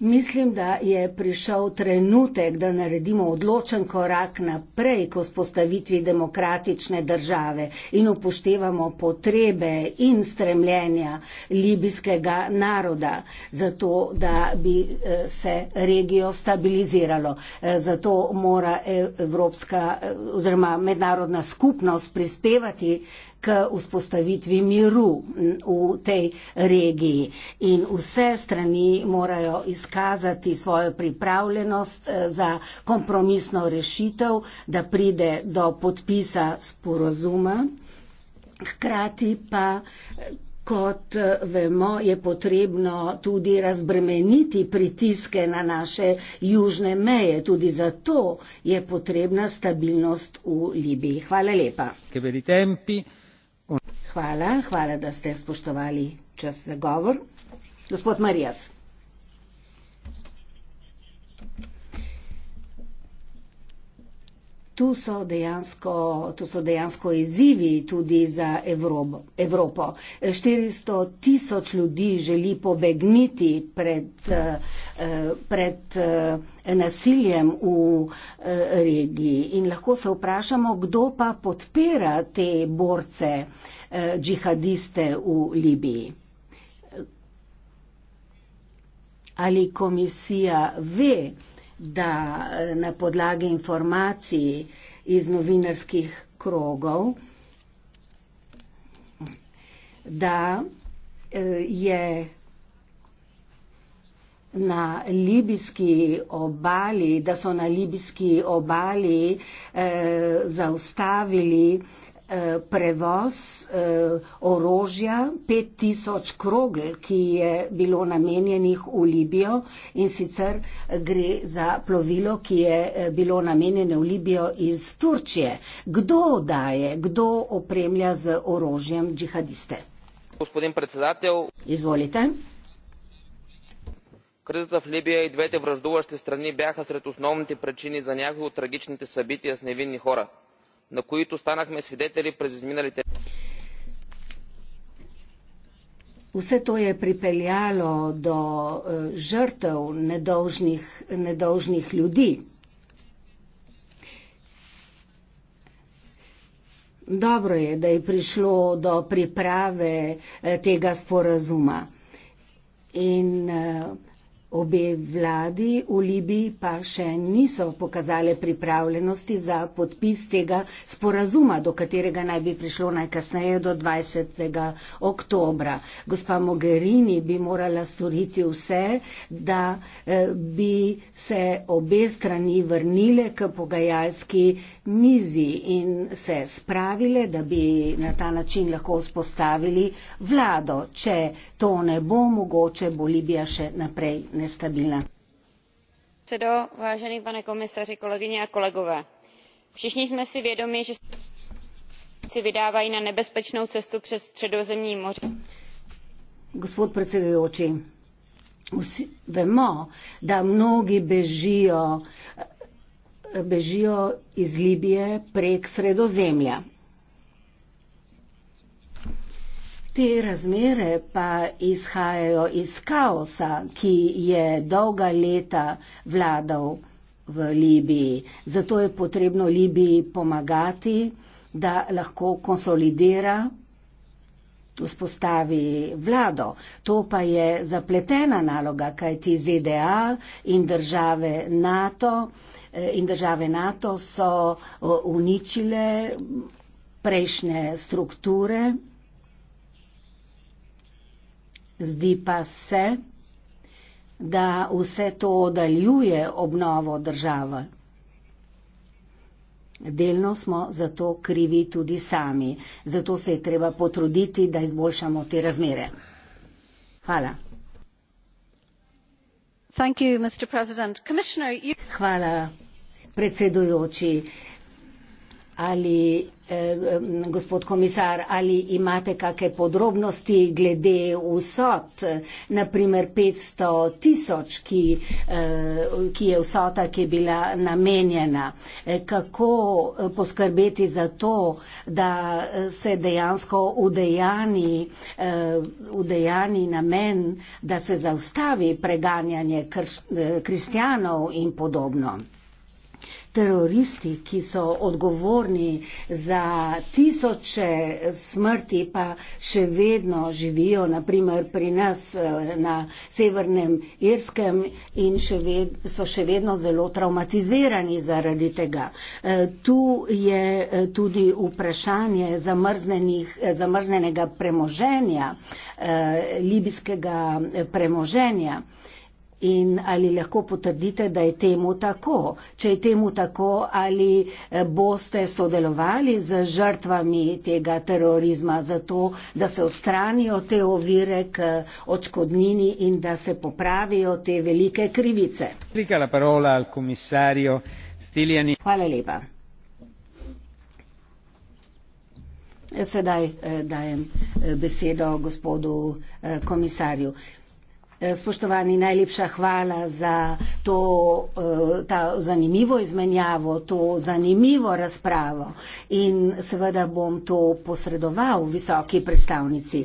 Mislim, da je prišel trenutek, da naredimo odločen korak naprej k vzpostavitvi demokratične države in upoštevamo potrebe in stremljenja libijskega naroda, zato da bi eh, se regijo stabiliziralo. Eh, zato mora eh, Evropska oziroma mednarodna skupnost prispevati k vzpostavitvi miru mm, v tej regiji in vse strani morajo iskati izkazati svojo pripravljenost eh, za kompromisno rešitev, da pride do podpisa sporozuma. Hkrati pa, eh, kot eh, vemo, je potrebno tudi razbremeniti pritiske na naše južne meje. Tudi zato je potrebna stabilnost v Libiji. Hvala lepa. Hvala, hvala, da ste spoštovali čas za govor. Gospod Marijas. tu so dejansko, tu so dejansko izzivi tudi za Evropo. Evropo. 400 tisoč ljudi želi pobegniti pred, eh, pred eh, nasiljem v eh, regiji in lahko se vprašamo, kdo pa podpira te borce džihadiste v Libiji. Ali komisija ve, da eh, na podlagi informacij iz novinarskih krogov, da eh, je na libijski obali, da so na libijski obali eh, zaustavili eh, Eh, prevoz eh, orožja, 5000 krogl, ki je bilo namenjenih v Libijo in sicer gre za plovilo, ki je eh, bilo namenjeno v Libijo iz Turčije. Kdo daje, kdo opremlja z orožjem džihadiste? Gospodin predsedatelj. Izvolite. Кризата в Либия и двете враждуващи страни бяха сред основните причини за някои от трагичните събития с невинни хора на които станахме свидетели през изминалите. Vse to je pripeljalo do žrtev nedolžnih, nedolžnih ljudi. Dobro je, da je prišlo do priprave e, tega sporazuma. In e, Obe vladi v Libiji pa še niso pokazale pripravljenosti za podpis tega sporazuma, do katerega naj bi prišlo najkasneje do 20. oktobra. Gospa Mogherini bi morala storiti vse, da eh, bi se obe strani vrnile k pogajalski mizi in se spravile, da bi na ta način lahko vzpostavili vlado. Če to ne bo mogoče, bo Libija še naprej nestabilna. předsedo vážený pane komisaři kolegyně a kolegové všichni jsme si vědomi že se vydávají na nebezpečnou cestu přes středozemní moře. gospod predsedujoči vsi vemo da mnogi bežijo bežijo iz libije prek sredozemlja. Te razmere pa izhajajo iz kaosa, ki je dolga leta vladal v Libiji. Zato je potrebno Libiji pomagati, da lahko konsolidira vzpostavi vlado. To pa je zapletena naloga, kaj ti ZDA in države NATO, eh, in države NATO so uničile prejšnje strukture Zdi pa se, da vse to odaljuje obnovo države. Delno smo zato krivi tudi sami. Zato se je treba potruditi, da izboljšamo te razmere. Hvala. Hvala, predsedujoči ali eh, gospod komisar, ali imate kakšne podrobnosti glede vsot, naprimer 500 tisoč, ki, eh, ki je vsota, ki je bila namenjena. Eh, kako eh, poskrbeti za to, da eh, se dejansko udejani, eh, udejani namen, da se zaustavi preganjanje krš, eh, kristjanov in podobno? teroristi, ki so odgovorni za tisoče smrti, pa še vedno živijo, naprimer pri nas eh, na severnem Irskem in še ved, so še vedno zelo traumatizirani zaradi tega. Eh, tu je eh, tudi vprašanje zamrznenega premoženja, libijskega premoženja. In ali lahko potrdite, da je temu tako? Če je temu tako, ali eh, boste sodelovali z žrtvami tega terorizma za to, da se ostranijo te ovire k eh, očkodnini in da se popravijo te velike krivice? Hvala lepa. Sedaj eh, dajem besedo gospodu komisarju. Eh, spoštovani, najlepša hvala za to eh, zanimivo izmenjavo, to zanimivo razpravo in seveda bom to posredoval visoki predstavnici.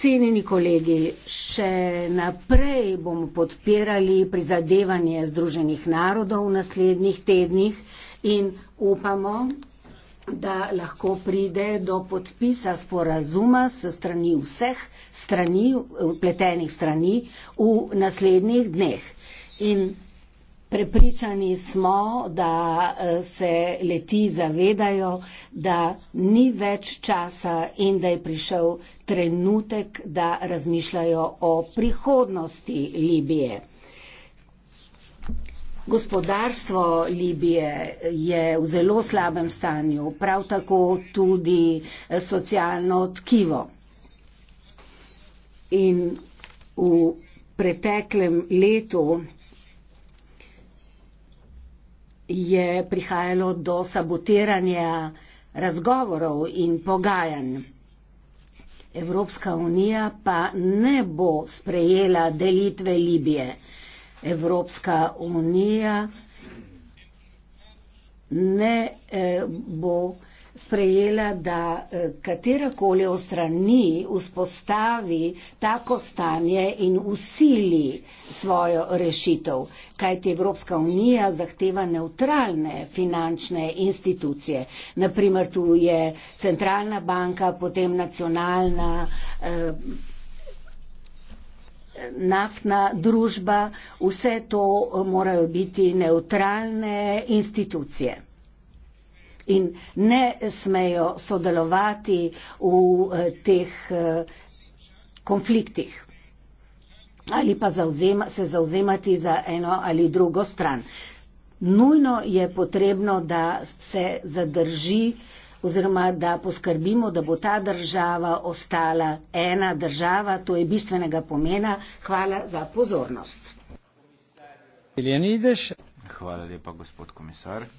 Cenjeni kolegi, še naprej bomo podpirali prizadevanje Združenih narodov v naslednjih tednih in upamo, da lahko pride do podpisa sporazuma s strani vseh strani, pletenih strani v naslednjih dneh. In Prepričani smo, da eh, se leti zavedajo, da ni več časa in da je prišel trenutek, da razmišljajo o prihodnosti Libije. Gospodarstvo Libije je v zelo slabem stanju, prav tako tudi eh, socialno tkivo. In v preteklem letu je prihajalo do sabotiranja razgovorov in pogajanj. Evropska unija pa ne bo sprejela delitve Libije. Evropska unija ne eh, bo sprejela, da eh, katerakoli ostrani vzpostavi tako stanje in usili svojo rešitev, kajti Evropska unija zahteva neutralne finančne institucije. Naprimer, tu je centralna banka, potem nacionalna. Eh, naftna družba, vse to eh, morajo biti neutralne institucije in ne smejo sodelovati v eh, teh eh, konfliktih ali pa zauzema, se zauzemati za eno ali drugo stran. Nujno je potrebno, da se zadrži eh, oziroma da poskrbimo, da bo ta država ostala ena država. To je bistvenega pomena. Hvala za pozornost. Hvala lepa, gospod komisar.